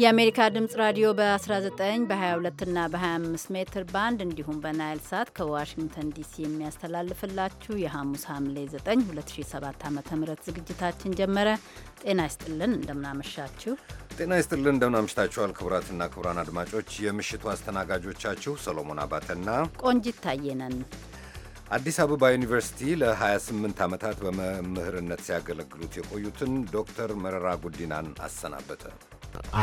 የአሜሪካ ድምጽ ራዲዮ በ19 በ22 እና በ25 ሜትር ባንድ እንዲሁም በናይል ሳት ከዋሽንግተን ዲሲ የሚያስተላልፍላችሁ የሐሙስ ሐምሌ 9 2007 ም ዝግጅታችን ጀመረ። ጤና ይስጥልን፣ እንደምናመሻችሁ። ጤና ይስጥልን፣ እንደምናመሽታችኋል። ክቡራትና ክቡራን አድማጮች የምሽቱ አስተናጋጆቻችሁ ሰሎሞን አባተና ቆንጂት ታየነን። አዲስ አበባ ዩኒቨርሲቲ ለ28 ዓመታት በመምህርነት ሲያገለግሉት የቆዩትን ዶክተር መረራ ጉዲናን አሰናበተ።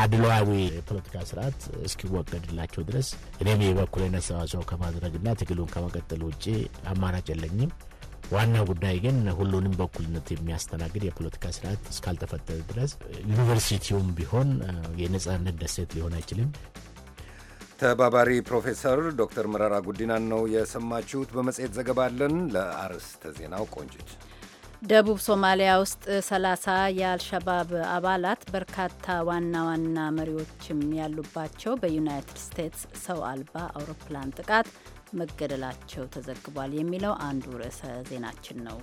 አድሏዊ የፖለቲካ ስርዓት እስኪወገድላቸው ድረስ እኔም የበኩሌን አስተዋጽኦ ከማድረግና ትግሉን ከመቀጠል ውጭ አማራጭ የለኝም። ዋና ጉዳይ ግን ሁሉንም በኩልነት የሚያስተናግድ የፖለቲካ ስርዓት እስካልተፈጠረ ድረስ ዩኒቨርሲቲውም ቢሆን የነጻነት ደሴት ሊሆን አይችልም። ተባባሪ ፕሮፌሰር ዶክተር መረራ ጉዲናን ነው የሰማችሁት። በመጽሔት ዘገባ አለን። ለአርዕስተ ዜናው ቆንጅት ደቡብ ሶማሊያ ውስጥ 30 የአልሸባብ አባላት በርካታ ዋና ዋና መሪዎችም ያሉባቸው በዩናይትድ ስቴትስ ሰው አልባ አውሮፕላን ጥቃት መገደላቸው ተዘግቧል የሚለው አንዱ ርዕሰ ዜናችን ነው።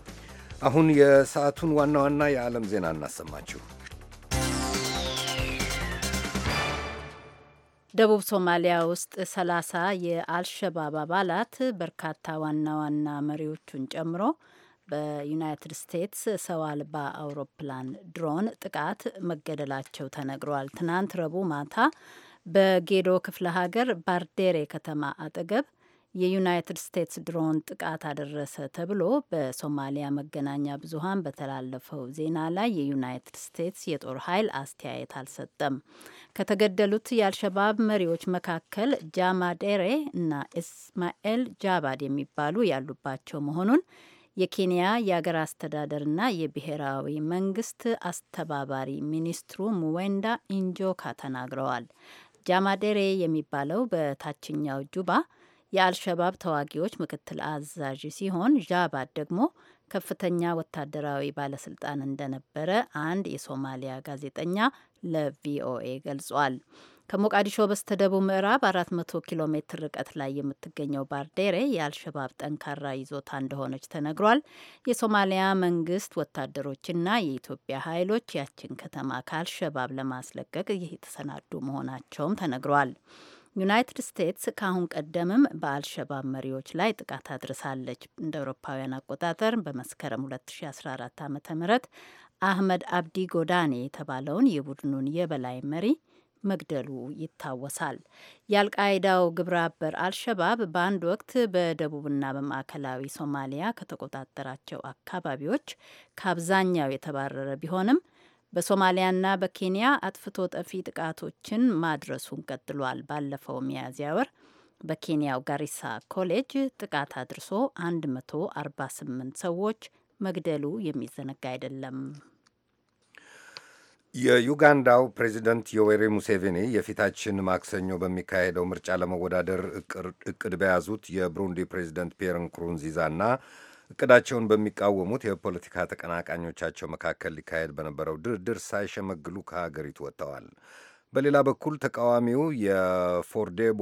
አሁን የሰዓቱን ዋና ዋና የዓለም ዜና እናሰማችሁ። ደቡብ ሶማሊያ ውስጥ 30 የአልሸባብ አባላት በርካታ ዋና ዋና መሪዎቹን ጨምሮ በዩናይትድ ስቴትስ ሰው አልባ አውሮፕላን ድሮን ጥቃት መገደላቸው ተነግሯል። ትናንት ረቡዕ ማታ በጌዶ ክፍለ ሀገር ባርዴሬ ከተማ አጠገብ የዩናይትድ ስቴትስ ድሮን ጥቃት አደረሰ ተብሎ በሶማሊያ መገናኛ ብዙኃን በተላለፈው ዜና ላይ የዩናይትድ ስቴትስ የጦር ኃይል አስተያየት አልሰጠም። ከተገደሉት የአልሸባብ መሪዎች መካከል ጃማዴሬ እና ኢስማኤል ጃባድ የሚባሉ ያሉባቸው መሆኑን የኬንያ የአገር አስተዳደርና የብሔራዊ መንግስት አስተባባሪ ሚኒስትሩ ሙዌንዳ ኢንጆካ ተናግረዋል። ጃማዴሬ የሚባለው በታችኛው ጁባ የአልሸባብ ተዋጊዎች ምክትል አዛዥ ሲሆን ዣባድ ደግሞ ከፍተኛ ወታደራዊ ባለስልጣን እንደነበረ አንድ የሶማሊያ ጋዜጠኛ ለቪኦኤ ገልጿል። ከሞቃዲሾ በስተደቡብ ምዕራብ 400 ኪሎ ሜትር ርቀት ላይ የምትገኘው ባርዴሬ የአልሸባብ ጠንካራ ይዞታ እንደሆነች ተነግሯል። የሶማሊያ መንግስት ወታደሮችና የኢትዮጵያ ኃይሎች ያችን ከተማ ከአልሸባብ ለማስለቀቅ የተሰናዱ መሆናቸውም ተነግሯል። ዩናይትድ ስቴትስ ከአሁን ቀደምም በአልሸባብ መሪዎች ላይ ጥቃት አድርሳለች። እንደ አውሮፓውያን አቆጣጠር በመስከረም 2014 ዓ ም አህመድ አብዲ ጎዳኔ የተባለውን የቡድኑን የበላይ መሪ መግደሉ ይታወሳል። የአልቃይዳው ግብረ አበር አልሸባብ በአንድ ወቅት በደቡብና በማዕከላዊ ሶማሊያ ከተቆጣጠራቸው አካባቢዎች ከአብዛኛው የተባረረ ቢሆንም በሶማሊያና በኬንያ አጥፍቶ ጠፊ ጥቃቶችን ማድረሱን ቀጥሏል። ባለፈው ሚያዝያ ወር በኬንያው ጋሪሳ ኮሌጅ ጥቃት አድርሶ 148 ሰዎች መግደሉ የሚዘነጋ አይደለም። የዩጋንዳው ፕሬዚደንት ዮዌሪ ሙሴቪኒ የፊታችን ማክሰኞ በሚካሄደው ምርጫ ለመወዳደር እቅድ በያዙት የብሩንዲ ፕሬዚደንት ፒየር ንኩሩንዚዛና እቅዳቸውን በሚቃወሙት የፖለቲካ ተቀናቃኞቻቸው መካከል ሊካሄድ በነበረው ድርድር ሳይሸመግሉ ከሀገሪቱ ወጥተዋል። በሌላ በኩል ተቃዋሚው የፎርዴቡ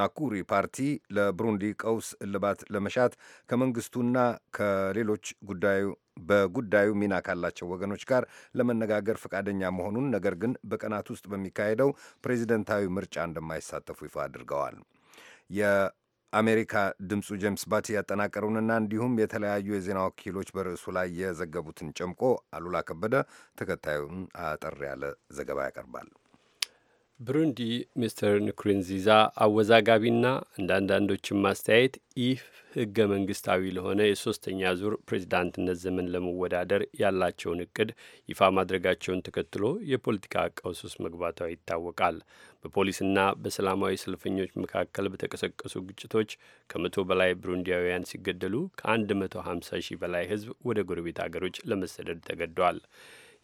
ናኩሪ ፓርቲ ለብሩንዲ ቀውስ እልባት ለመሻት ከመንግስቱና ከሌሎች ጉዳዩ በጉዳዩ ሚና ካላቸው ወገኖች ጋር ለመነጋገር ፈቃደኛ መሆኑን ነገር ግን በቀናት ውስጥ በሚካሄደው ፕሬዚደንታዊ ምርጫ እንደማይሳተፉ ይፋ አድርገዋል። የአሜሪካ ድምፁ ጄምስ ባቲ ያጠናቀሩንና እንዲሁም የተለያዩ የዜና ወኪሎች በርዕሱ ላይ የዘገቡትን ጨምቆ አሉላ ከበደ ተከታዩን አጠር ያለ ዘገባ ያቀርባል። ብሩንዲ ሚስተር ንኩሪንዚዛ አወዛጋቢና እንደ አንዳንዶችም ማስተያየት ይህ ህገ መንግስታዊ ለሆነ የሶስተኛ ዙር ፕሬዚዳንትነት ዘመን ለመወዳደር ያላቸውን እቅድ ይፋ ማድረጋቸውን ተከትሎ የፖለቲካ ቀውስ ውስጥ መግባቷ ይታወቃል። በፖሊስና በሰላማዊ ሰልፈኞች መካከል በተቀሰቀሱ ግጭቶች ከመቶ በላይ ብሩንዲያውያን ሲገደሉ ከ150 ሺህ በላይ ህዝብ ወደ ጎረቤት አገሮች ለመሰደድ ተገደዋል።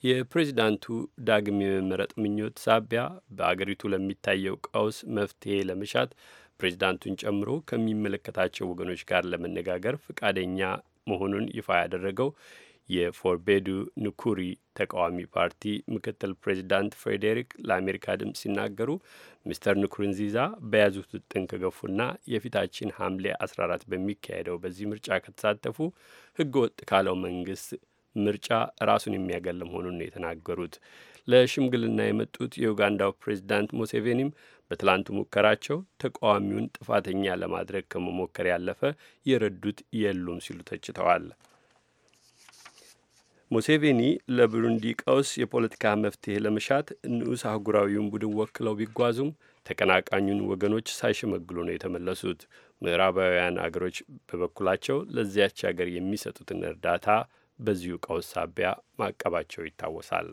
የፕሬዚዳንቱ ዳግም የመመረጥ ምኞት ሳቢያ በአገሪቱ ለሚታየው ቀውስ መፍትሄ ለመሻት ፕሬዚዳንቱን ጨምሮ ከሚመለከታቸው ወገኖች ጋር ለመነጋገር ፈቃደኛ መሆኑን ይፋ ያደረገው የፎርቤዱ ንኩሪ ተቃዋሚ ፓርቲ ምክትል ፕሬዚዳንት ፍሬዴሪክ ለአሜሪካ ድምፅ ሲናገሩ ሚስተር ንኩሩንዚዛ በያዙት ውጥን ከገፉና የፊታችን ሐምሌ 14 በሚካሄደው በዚህ ምርጫ ከተሳተፉ ህገወጥ ወጥ ካለው መንግስት ምርጫ ራሱን የሚያገል መሆኑን ነው የተናገሩት። ለሽምግልና የመጡት የኡጋንዳው ፕሬዚዳንት ሙሴቬኒም በትላንቱ ሙከራቸው ተቃዋሚውን ጥፋተኛ ለማድረግ ከመሞከር ያለፈ የረዱት የሉም ሲሉ ተችተዋል። ሙሴቬኒ ለብሩንዲ ቀውስ የፖለቲካ መፍትሄ ለመሻት ንዑስ አህጉራዊውን ቡድን ወክለው ቢጓዙም ተቀናቃኙን ወገኖች ሳይሸመግሉ ነው የተመለሱት። ምዕራባውያን አገሮች በበኩላቸው ለዚያች አገር የሚሰጡትን እርዳታ በዚሁ ቀውስ ሳቢያ ማቀባቸው ይታወሳል።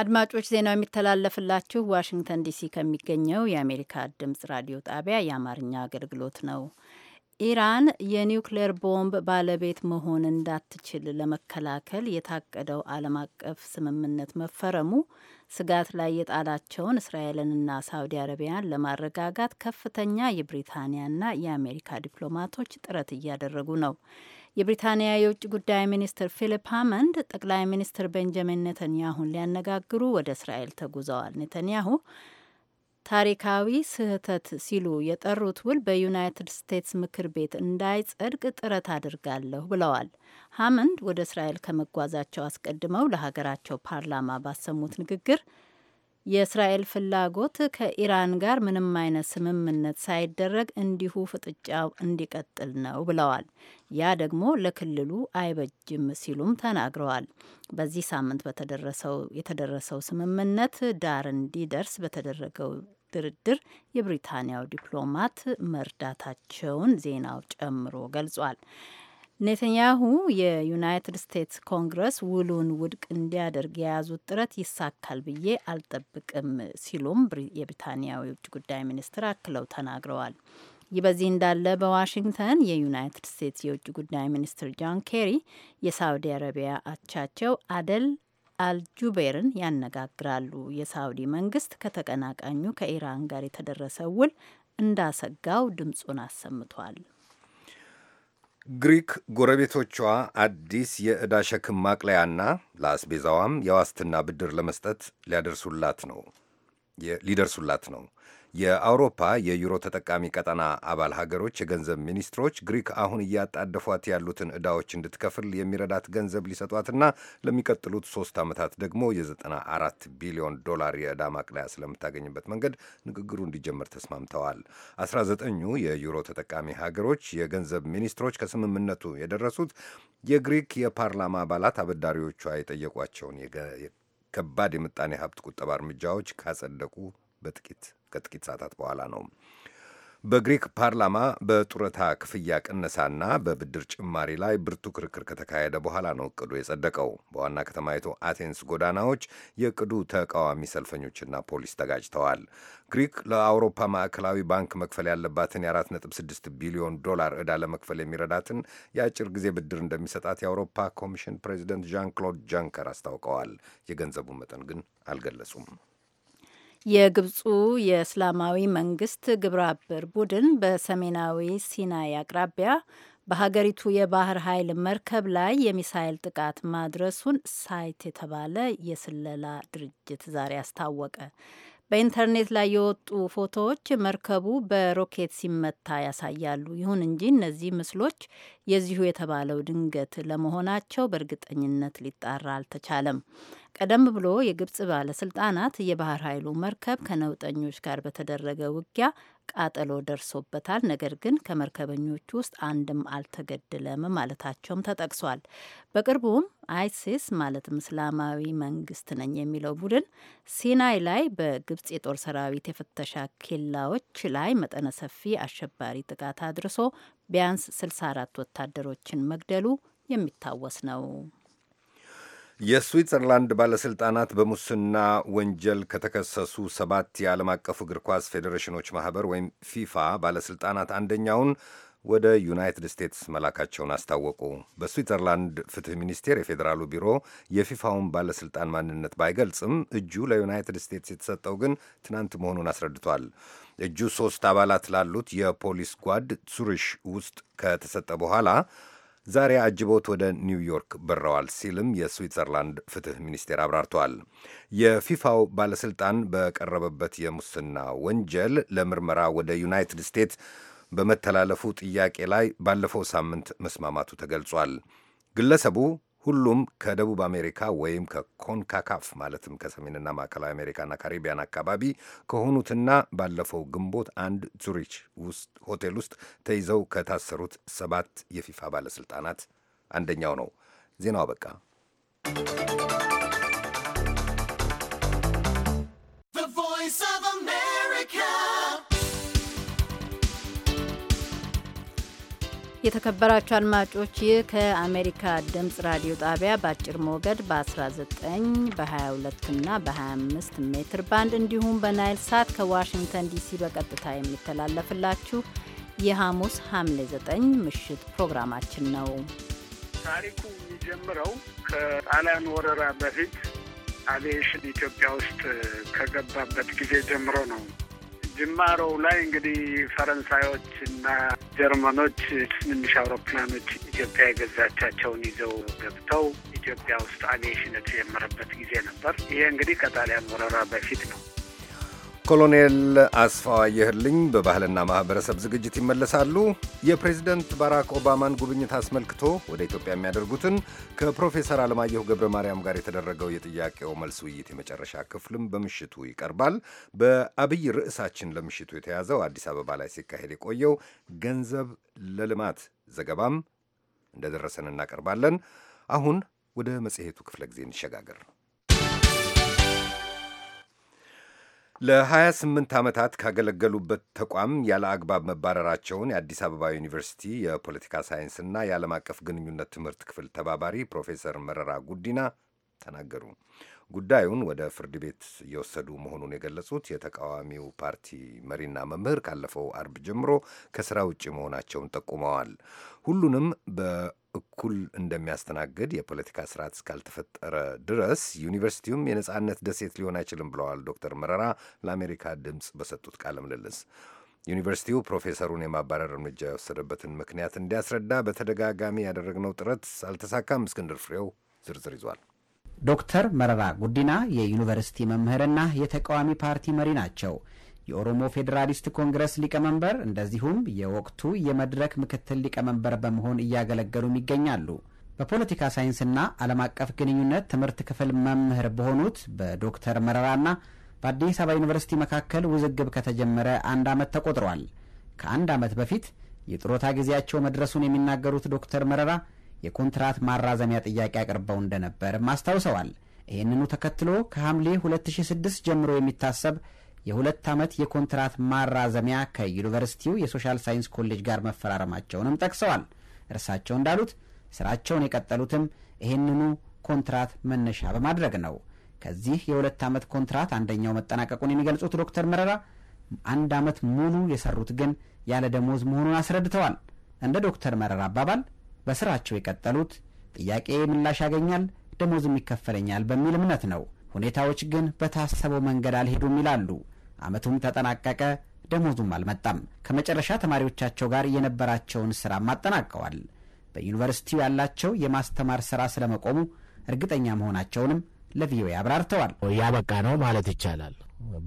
አድማጮች ዜናው የሚተላለፍላችሁ ዋሽንግተን ዲሲ ከሚገኘው የአሜሪካ ድምጽ ራዲዮ ጣቢያ የአማርኛ አገልግሎት ነው። ኢራን የኒውክሌር ቦምብ ባለቤት መሆን እንዳትችል ለመከላከል የታቀደው ዓለም አቀፍ ስምምነት መፈረሙ ስጋት ላይ የጣላቸውን እስራኤልንና ሳውዲ አረቢያን ለማረጋጋት ከፍተኛ የብሪታንያና የአሜሪካ ዲፕሎማቶች ጥረት እያደረጉ ነው። የብሪታንያ የውጭ ጉዳይ ሚኒስትር ፊሊፕ ሃመንድ ጠቅላይ ሚኒስትር ቤንጃሚን ኔተንያሁን ሊያነጋግሩ ወደ እስራኤል ተጉዘዋል። ኔተንያሁ ታሪካዊ ስህተት ሲሉ የጠሩት ውል በዩናይትድ ስቴትስ ምክር ቤት እንዳይጸድቅ ጥረት አድርጋለሁ ብለዋል። ሃመንድ ወደ እስራኤል ከመጓዛቸው አስቀድመው ለሀገራቸው ፓርላማ ባሰሙት ንግግር የእስራኤል ፍላጎት ከኢራን ጋር ምንም አይነት ስምምነት ሳይደረግ እንዲሁ ፍጥጫው እንዲቀጥል ነው ብለዋል። ያ ደግሞ ለክልሉ አይበጅም ሲሉም ተናግረዋል። በዚህ ሳምንት በተደረሰው የተደረሰው ስምምነት ዳር እንዲደርስ በተደረገው ድርድር የብሪታንያው ዲፕሎማት መርዳታቸውን ዜናው ጨምሮ ገልጿል። ኔተንያሁ የዩናይትድ ስቴትስ ኮንግረስ ውሉን ውድቅ እንዲያደርግ የያዙት ጥረት ይሳካል ብዬ አልጠብቅም ሲሉም የብሪታንያው የውጭ ጉዳይ ሚኒስትር አክለው ተናግረዋል። ይህ በዚህ እንዳለ በዋሽንግተን የዩናይትድ ስቴትስ የውጭ ጉዳይ ሚኒስትር ጆን ኬሪ የሳውዲ አረቢያ አቻቸው አደል አልጁቤርን ያነጋግራሉ። የሳውዲ መንግስት ከተቀናቃኙ ከኢራን ጋር የተደረሰ ውል እንዳሰጋው ድምጹን አሰምቷል። ግሪክ ጎረቤቶቿ አዲስ የዕዳ ሸክም ማቅለያና ለአስቤዛዋም የዋስትና ብድር ለመስጠት ሊያደርሱላት ነው ሊደርሱላት ነው። የአውሮፓ የዩሮ ተጠቃሚ ቀጠና አባል ሀገሮች የገንዘብ ሚኒስትሮች ግሪክ አሁን እያጣደፏት ያሉትን ዕዳዎች እንድትከፍል የሚረዳት ገንዘብ ሊሰጧትና ለሚቀጥሉት ሶስት ዓመታት ደግሞ የ94 ቢሊዮን ዶላር የዕዳ ማቅለያ ስለምታገኝበት መንገድ ንግግሩ እንዲጀመር ተስማምተዋል። 19ኙ የዩሮ ተጠቃሚ ሀገሮች የገንዘብ ሚኒስትሮች ከስምምነቱ የደረሱት የግሪክ የፓርላማ አባላት አበዳሪዎቿ የጠየቋቸውን ከባድ የምጣኔ ሀብት ቁጠባ እርምጃዎች ካጸደቁ በጥቂት ከጥቂት ሰዓታት በኋላ ነው። በግሪክ ፓርላማ በጡረታ ክፍያ ቅነሳና በብድር ጭማሪ ላይ ብርቱ ክርክር ከተካሄደ በኋላ ነው እቅዱ የጸደቀው። በዋና ከተማይቱ አቴንስ ጎዳናዎች የእቅዱ ተቃዋሚ ሰልፈኞችና ፖሊስ ተጋጭተዋል። ግሪክ ለአውሮፓ ማዕከላዊ ባንክ መክፈል ያለባትን የ4.6 ቢሊዮን ዶላር ዕዳ ለመክፈል የሚረዳትን የአጭር ጊዜ ብድር እንደሚሰጣት የአውሮፓ ኮሚሽን ፕሬዚደንት ዣን ክሎድ ጃንከር አስታውቀዋል። የገንዘቡን መጠን ግን አልገለጹም። የግብፁ የእስላማዊ መንግስት ግብረአበር ቡድን በሰሜናዊ ሲናይ አቅራቢያ በሀገሪቱ የባህር ኃይል መርከብ ላይ የሚሳይል ጥቃት ማድረሱን ሳይት የተባለ የስለላ ድርጅት ዛሬ አስታወቀ። በኢንተርኔት ላይ የወጡ ፎቶዎች መርከቡ በሮኬት ሲመታ ያሳያሉ። ይሁን እንጂ እነዚህ ምስሎች የዚሁ የተባለው ድንገት ለመሆናቸው በእርግጠኝነት ሊጣራ አልተቻለም። ቀደም ብሎ የግብጽ ባለስልጣናት የባህር ኃይሉ መርከብ ከነውጠኞች ጋር በተደረገ ውጊያ ቃጠሎ ደርሶበታል። ነገር ግን ከመርከበኞቹ ውስጥ አንድም አልተገደለም ማለታቸውም ተጠቅሷል። በቅርቡም አይሲስ ማለትም እስላማዊ መንግስት ነኝ የሚለው ቡድን ሲናይ ላይ በግብጽ የጦር ሰራዊት የፍተሻ ኬላዎች ላይ መጠነ ሰፊ አሸባሪ ጥቃት አድርሶ ቢያንስ 64 ወታደሮችን መግደሉ የሚታወስ ነው። የስዊትዘርላንድ ባለሥልጣናት በሙስና ወንጀል ከተከሰሱ ሰባት የዓለም አቀፉ እግር ኳስ ፌዴሬሽኖች ማኅበር ወይም ፊፋ ባለሥልጣናት አንደኛውን ወደ ዩናይትድ ስቴትስ መላካቸውን አስታወቁ። በስዊትዘርላንድ ፍትሕ ሚኒስቴር የፌዴራሉ ቢሮ የፊፋውን ባለሥልጣን ማንነት ባይገልጽም እጁ ለዩናይትድ ስቴትስ የተሰጠው ግን ትናንት መሆኑን አስረድቷል። እጁ ሦስት አባላት ላሉት የፖሊስ ጓድ ዙሪሽ ውስጥ ከተሰጠ በኋላ ዛሬ አጅቦት ወደ ኒውዮርክ በረዋል ሲልም የስዊትዘርላንድ ፍትህ ሚኒስቴር አብራርተዋል። የፊፋው ባለሥልጣን በቀረበበት የሙስና ወንጀል ለምርመራ ወደ ዩናይትድ ስቴትስ በመተላለፉ ጥያቄ ላይ ባለፈው ሳምንት መስማማቱ ተገልጿል። ግለሰቡ ሁሉም ከደቡብ አሜሪካ ወይም ከኮንካካፍ ማለትም ከሰሜንና ማዕከላዊ አሜሪካና ካሪቢያን አካባቢ ከሆኑትና ባለፈው ግንቦት አንድ ዙሪች ውስጥ ሆቴል ውስጥ ተይዘው ከታሰሩት ሰባት የፊፋ ባለስልጣናት አንደኛው ነው። ዜናው አበቃ። የተከበራችሁ አድማጮች ይህ ከአሜሪካ ድምፅ ራዲዮ ጣቢያ በአጭር ሞገድ በ19 በ22 እና በ25 ሜትር ባንድ እንዲሁም በናይል ሳት ከዋሽንግተን ዲሲ በቀጥታ የሚተላለፍላችሁ የሐሙስ ሐምሌ 9 ምሽት ፕሮግራማችን ነው። ታሪኩ የሚጀምረው ከጣሊያን ወረራ በፊት አቪዬሽን ኢትዮጵያ ውስጥ ከገባበት ጊዜ ጀምሮ ነው። ጅማሮው ላይ እንግዲህ ፈረንሳዮች እና ጀርመኖች ትንንሽ አውሮፕላኖች ኢትዮጵያ የገዛቻቸውን ይዘው ገብተው ኢትዮጵያ ውስጥ አቪዬሽን የተጀመረበት ጊዜ ነበር። ይሄ እንግዲህ ከጣሊያን ወረራ በፊት ነው። ኮሎኔል አስፋው አየህልኝ በባህልና ማኅበረሰብ ዝግጅት ይመለሳሉ። የፕሬዝደንት ባራክ ኦባማን ጉብኝት አስመልክቶ ወደ ኢትዮጵያ የሚያደርጉትን ከፕሮፌሰር አለማየሁ ገብረ ማርያም ጋር የተደረገው የጥያቄው መልስ ውይይት የመጨረሻ ክፍልም በምሽቱ ይቀርባል። በአብይ ርዕሳችን ለምሽቱ የተያዘው አዲስ አበባ ላይ ሲካሄድ የቆየው ገንዘብ ለልማት ዘገባም እንደደረሰን እናቀርባለን። አሁን ወደ መጽሔቱ ክፍለ ጊዜ እንሸጋገር። ለ28 ዓመታት ካገለገሉበት ተቋም ያለ አግባብ መባረራቸውን የአዲስ አበባ ዩኒቨርሲቲ የፖለቲካ ሳይንስና የዓለም አቀፍ ግንኙነት ትምህርት ክፍል ተባባሪ ፕሮፌሰር መረራ ጉዲና ተናገሩ። ጉዳዩን ወደ ፍርድ ቤት እየወሰዱ መሆኑን የገለጹት የተቃዋሚው ፓርቲ መሪና መምህር ካለፈው አርብ ጀምሮ ከስራ ውጭ መሆናቸውን ጠቁመዋል። ሁሉንም በ እኩል እንደሚያስተናግድ የፖለቲካ ስርዓት እስካልተፈጠረ ድረስ ዩኒቨርሲቲውም የነጻነት ደሴት ሊሆን አይችልም ብለዋል ዶክተር መረራ ለአሜሪካ ድምፅ በሰጡት ቃለ ምልልስ። ዩኒቨርሲቲው ፕሮፌሰሩን የማባረር እርምጃ የወሰደበትን ምክንያት እንዲያስረዳ በተደጋጋሚ ያደረግነው ጥረት አልተሳካም። እስክንድር ፍሬው ዝርዝር ይዟል። ዶክተር መረራ ጉዲና የዩኒቨርሲቲ መምህርና የተቃዋሚ ፓርቲ መሪ ናቸው። የኦሮሞ ፌዴራሊስት ኮንግረስ ሊቀመንበር እንደዚሁም የወቅቱ የመድረክ ምክትል ሊቀመንበር በመሆን እያገለገሉም ይገኛሉ። በፖለቲካ ሳይንስና ዓለም አቀፍ ግንኙነት ትምህርት ክፍል መምህር በሆኑት በዶክተር መረራና በአዲስ አበባ ዩኒቨርሲቲ መካከል ውዝግብ ከተጀመረ አንድ ዓመት ተቆጥሯል። ከአንድ ዓመት በፊት የጥሮታ ጊዜያቸው መድረሱን የሚናገሩት ዶክተር መረራ የኮንትራት ማራዘሚያ ጥያቄ አቅርበው እንደነበርም አስታውሰዋል። ይህንኑ ተከትሎ ከሐምሌ 2006 ጀምሮ የሚታሰብ የሁለት ዓመት የኮንትራት ማራዘሚያ ከዩኒቨርሲቲው የሶሻል ሳይንስ ኮሌጅ ጋር መፈራረማቸውንም ጠቅሰዋል። እርሳቸው እንዳሉት ስራቸውን የቀጠሉትም ይህንኑ ኮንትራት መነሻ በማድረግ ነው። ከዚህ የሁለት ዓመት ኮንትራት አንደኛው መጠናቀቁን የሚገልጹት ዶክተር መረራ አንድ ዓመት ሙሉ የሰሩት ግን ያለ ደሞዝ መሆኑን አስረድተዋል። እንደ ዶክተር መረራ አባባል በስራቸው የቀጠሉት ጥያቄ ምላሽ ያገኛል፣ ደሞዝም ይከፈለኛል በሚል እምነት ነው። ሁኔታዎች ግን በታሰበው መንገድ አልሄዱም ይላሉ። ዓመቱም ተጠናቀቀ፣ ደሞዙም አልመጣም። ከመጨረሻ ተማሪዎቻቸው ጋር የነበራቸውን ስራም አጠናቀዋል። በዩኒቨርሲቲው ያላቸው የማስተማር ስራ ስለመቆሙ እርግጠኛ መሆናቸውንም ለቪኦኤ አብራርተዋል። እያበቃ ነው ማለት ይቻላል።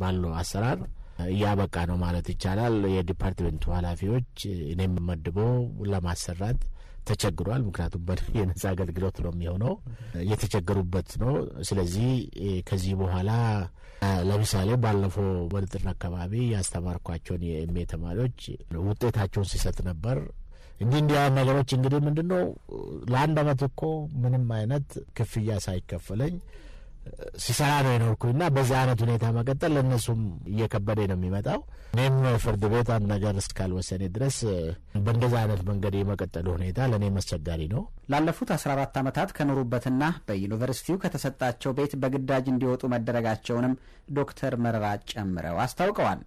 ባለው አሰራር እያበቃ ነው ማለት ይቻላል። የዲፓርትመንቱ ኃላፊዎች እኔም መድቦ ለማሰራት ተቸግሯል። ምክንያቱም የነጻ አገልግሎት ነው የሚሆነው፣ የተቸገሩበት ነው። ስለዚህ ከዚህ በኋላ ለምሳሌ ባለፈው በንጥር አካባቢ ያስተማርኳቸውን የኤምኤ ተማሪዎች ውጤታቸውን ሲሰጥ ነበር። እንዲህ እንዲያ ነገሮች እንግዲህ ምንድን ነው ለአንድ አመት እኮ ምንም አይነት ክፍያ ሳይከፈለኝ ሲሰራ ነው የኖርኩኝ እና በዚህ አይነት ሁኔታ መቀጠል ለእነሱም እየከበደ ነው የሚመጣው። እኔም ፍርድ ቤት አንድ ነገር እስካልወሰኔ ድረስ በእንደዚህ አይነት መንገድ የመቀጠሉ ሁኔታ ለእኔ አስቸጋሪ ነው። ላለፉት 14 ዓመታት ከኖሩበትና በዩኒቨርሲቲው ከተሰጣቸው ቤት በግዳጅ እንዲወጡ መደረጋቸውንም ዶክተር መረራ ጨምረው አስታውቀዋል።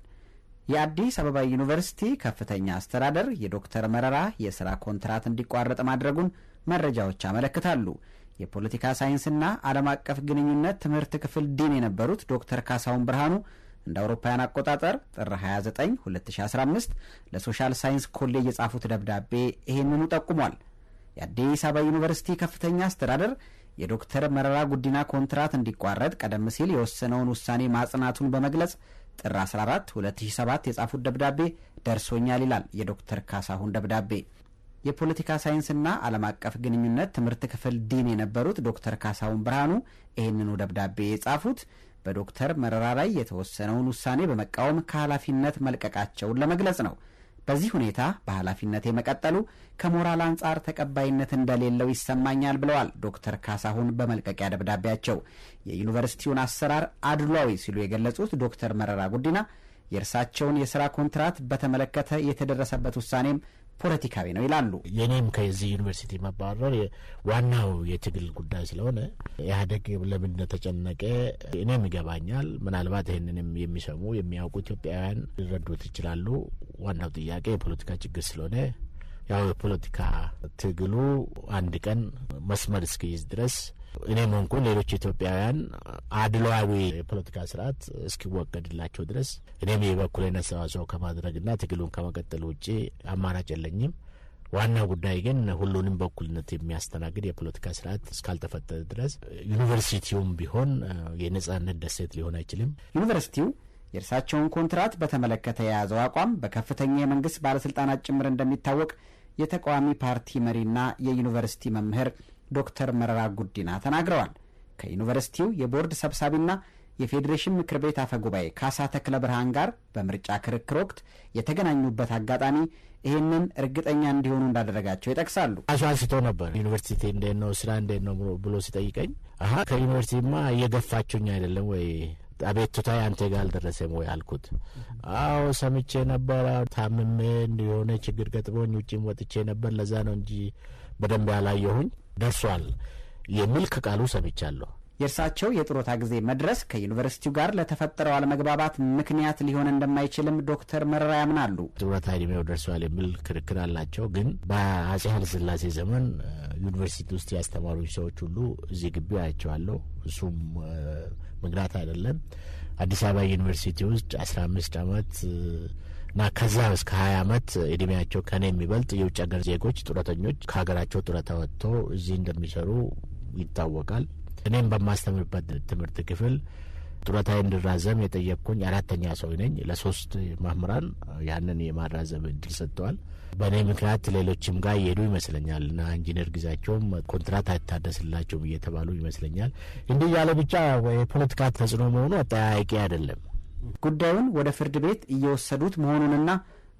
የአዲስ አበባ ዩኒቨርሲቲ ከፍተኛ አስተዳደር የዶክተር መረራ የስራ ኮንትራት እንዲቋረጥ ማድረጉን መረጃዎች አመለክታሉ። የፖለቲካ ሳይንስና ዓለም አቀፍ ግንኙነት ትምህርት ክፍል ዲን የነበሩት ዶክተር ካሳሁን ብርሃኑ እንደ አውሮፓውያን አቆጣጠር ጥር 29 2015 ለሶሻል ሳይንስ ኮሌጅ የጻፉት ደብዳቤ ይህንኑ ጠቁሟል። የአዲስ አበባ ዩኒቨርሲቲ ከፍተኛ አስተዳደር የዶክተር መረራ ጉዲና ኮንትራት እንዲቋረጥ ቀደም ሲል የወሰነውን ውሳኔ ማጽናቱን በመግለጽ ጥር 14 2007 የጻፉት ደብዳቤ ደርሶኛል ይላል የዶክተር ካሳሁን ደብዳቤ። የፖለቲካ ሳይንስና ዓለም አቀፍ ግንኙነት ትምህርት ክፍል ዲን የነበሩት ዶክተር ካሳሁን ብርሃኑ ይህንኑ ደብዳቤ የጻፉት በዶክተር መረራ ላይ የተወሰነውን ውሳኔ በመቃወም ከኃላፊነት መልቀቃቸውን ለመግለጽ ነው። በዚህ ሁኔታ በኃላፊነት የመቀጠሉ ከሞራል አንጻር ተቀባይነት እንደሌለው ይሰማኛል ብለዋል ዶክተር ካሳሁን በመልቀቂያ ደብዳቤያቸው። የዩኒቨርሲቲውን አሰራር አድሏዊ ሲሉ የገለጹት ዶክተር መረራ ጉዲና የእርሳቸውን የሥራ ኮንትራት በተመለከተ የተደረሰበት ውሳኔም ፖለቲካዊ ነው ይላሉ። የኔም ከዚህ ዩኒቨርሲቲ መባረር ዋናው የትግል ጉዳይ ስለሆነ ኢህአዴግ ለምን እንደተጨነቀ እኔም ይገባኛል። ምናልባት ይህንንም የሚሰሙ የሚያውቁ ኢትዮጵያውያን ሊረዱት ይችላሉ። ዋናው ጥያቄ የፖለቲካ ችግር ስለሆነ ያው የፖለቲካ ትግሉ አንድ ቀን መስመር እስኪይዝ ድረስ እኔም ሆንኩ ሌሎች ኢትዮጵያውያን አድሏዊ የፖለቲካ ስርዓት እስኪወገድላቸው ድረስ እኔም የበኩሌን አስተዋጽኦ ከማድረግና ትግሉን ከመቀጠል ውጭ አማራጭ የለኝም። ዋና ጉዳይ ግን ሁሉንም በኩልነት የሚያስተናግድ የፖለቲካ ስርዓት እስካልተፈጠረ ድረስ ዩኒቨርሲቲውም ቢሆን የነጻነት ደሴት ሊሆን አይችልም። ዩኒቨርሲቲው የእርሳቸውን ኮንትራት በተመለከተ የያዘው አቋም በከፍተኛ የመንግስት ባለስልጣናት ጭምር እንደሚታወቅ የተቃዋሚ ፓርቲ መሪና የዩኒቨርሲቲ መምህር ዶክተር መረራ ጉዲና ተናግረዋል። ከዩኒቨርሲቲው የቦርድ ሰብሳቢና የፌዴሬሽን ምክር ቤት አፈ ጉባኤ ካሳ ተክለ ብርሃን ጋር በምርጫ ክርክር ወቅት የተገናኙበት አጋጣሚ ይህንን እርግጠኛ እንዲሆኑ እንዳደረጋቸው ይጠቅሳሉ። አሻሽቶ ነበር ዩኒቨርሲቲ እንዴት ነው ስራ እንዴት ነው ብሎ ሲጠይቀኝ አሀ ከዩኒቨርሲቲማ እየገፋችሁኝ አይደለም ወይ አቤቱታ አንተ ጋር አልደረሰም ወይ አልኩት። አዎ ሰምቼ ነበር፣ ታምሜ የሆነ ችግር ገጥሞኝ ውጭም ወጥቼ ነበር። ለዛ ነው እንጂ በደንብ ያላየሁኝ ደርሷል የሚል ከቃሉ ሰምቻለሁ። የእርሳቸው የጥሮታ ጊዜ መድረስ ከዩኒቨርሲቲው ጋር ለተፈጠረው አለመግባባት ምክንያት ሊሆን እንደማይችልም ዶክተር መረራ ያምናሉ። ጡረታ እድሜው ደርሷል የሚል ክርክር አላቸው። ግን በአጼ ኃይለሥላሴ ዘመን ዩኒቨርሲቲ ውስጥ ያስተማሩ ሰዎች ሁሉ እዚህ ግቢ አያቸዋለሁ። እሱም ምክንያት አይደለም። አዲስ አበባ ዩኒቨርሲቲ ውስጥ አስራ አምስት አመት እና ከዛ እስከ ሀያ አመት እድሜያቸው ከኔ የሚበልጥ የውጭ ሀገር ዜጎች ጡረተኞች ከሀገራቸው ጡረታ ወጥቶ እዚህ እንደሚሰሩ ይታወቃል። እኔም በማስተምርበት ትምህርት ክፍል ጡረታ እንድራዘም የጠየቅኩኝ አራተኛ ሰው ነኝ። ለሶስት መምህራን ያንን የማራዘም እድል ሰጥተዋል። በእኔ ምክንያት ሌሎችም ጋር እየሄዱ ይመስለኛል እና ኢንጂነር ጊዜያቸውም ኮንትራት አይታደስላቸውም እየተባሉ ይመስለኛል። እንዲህ ያለ ብቻ የፖለቲካ ተጽዕኖ መሆኑ አጠያያቂ አይደለም። ጉዳዩን ወደ ፍርድ ቤት እየወሰዱት መሆኑንና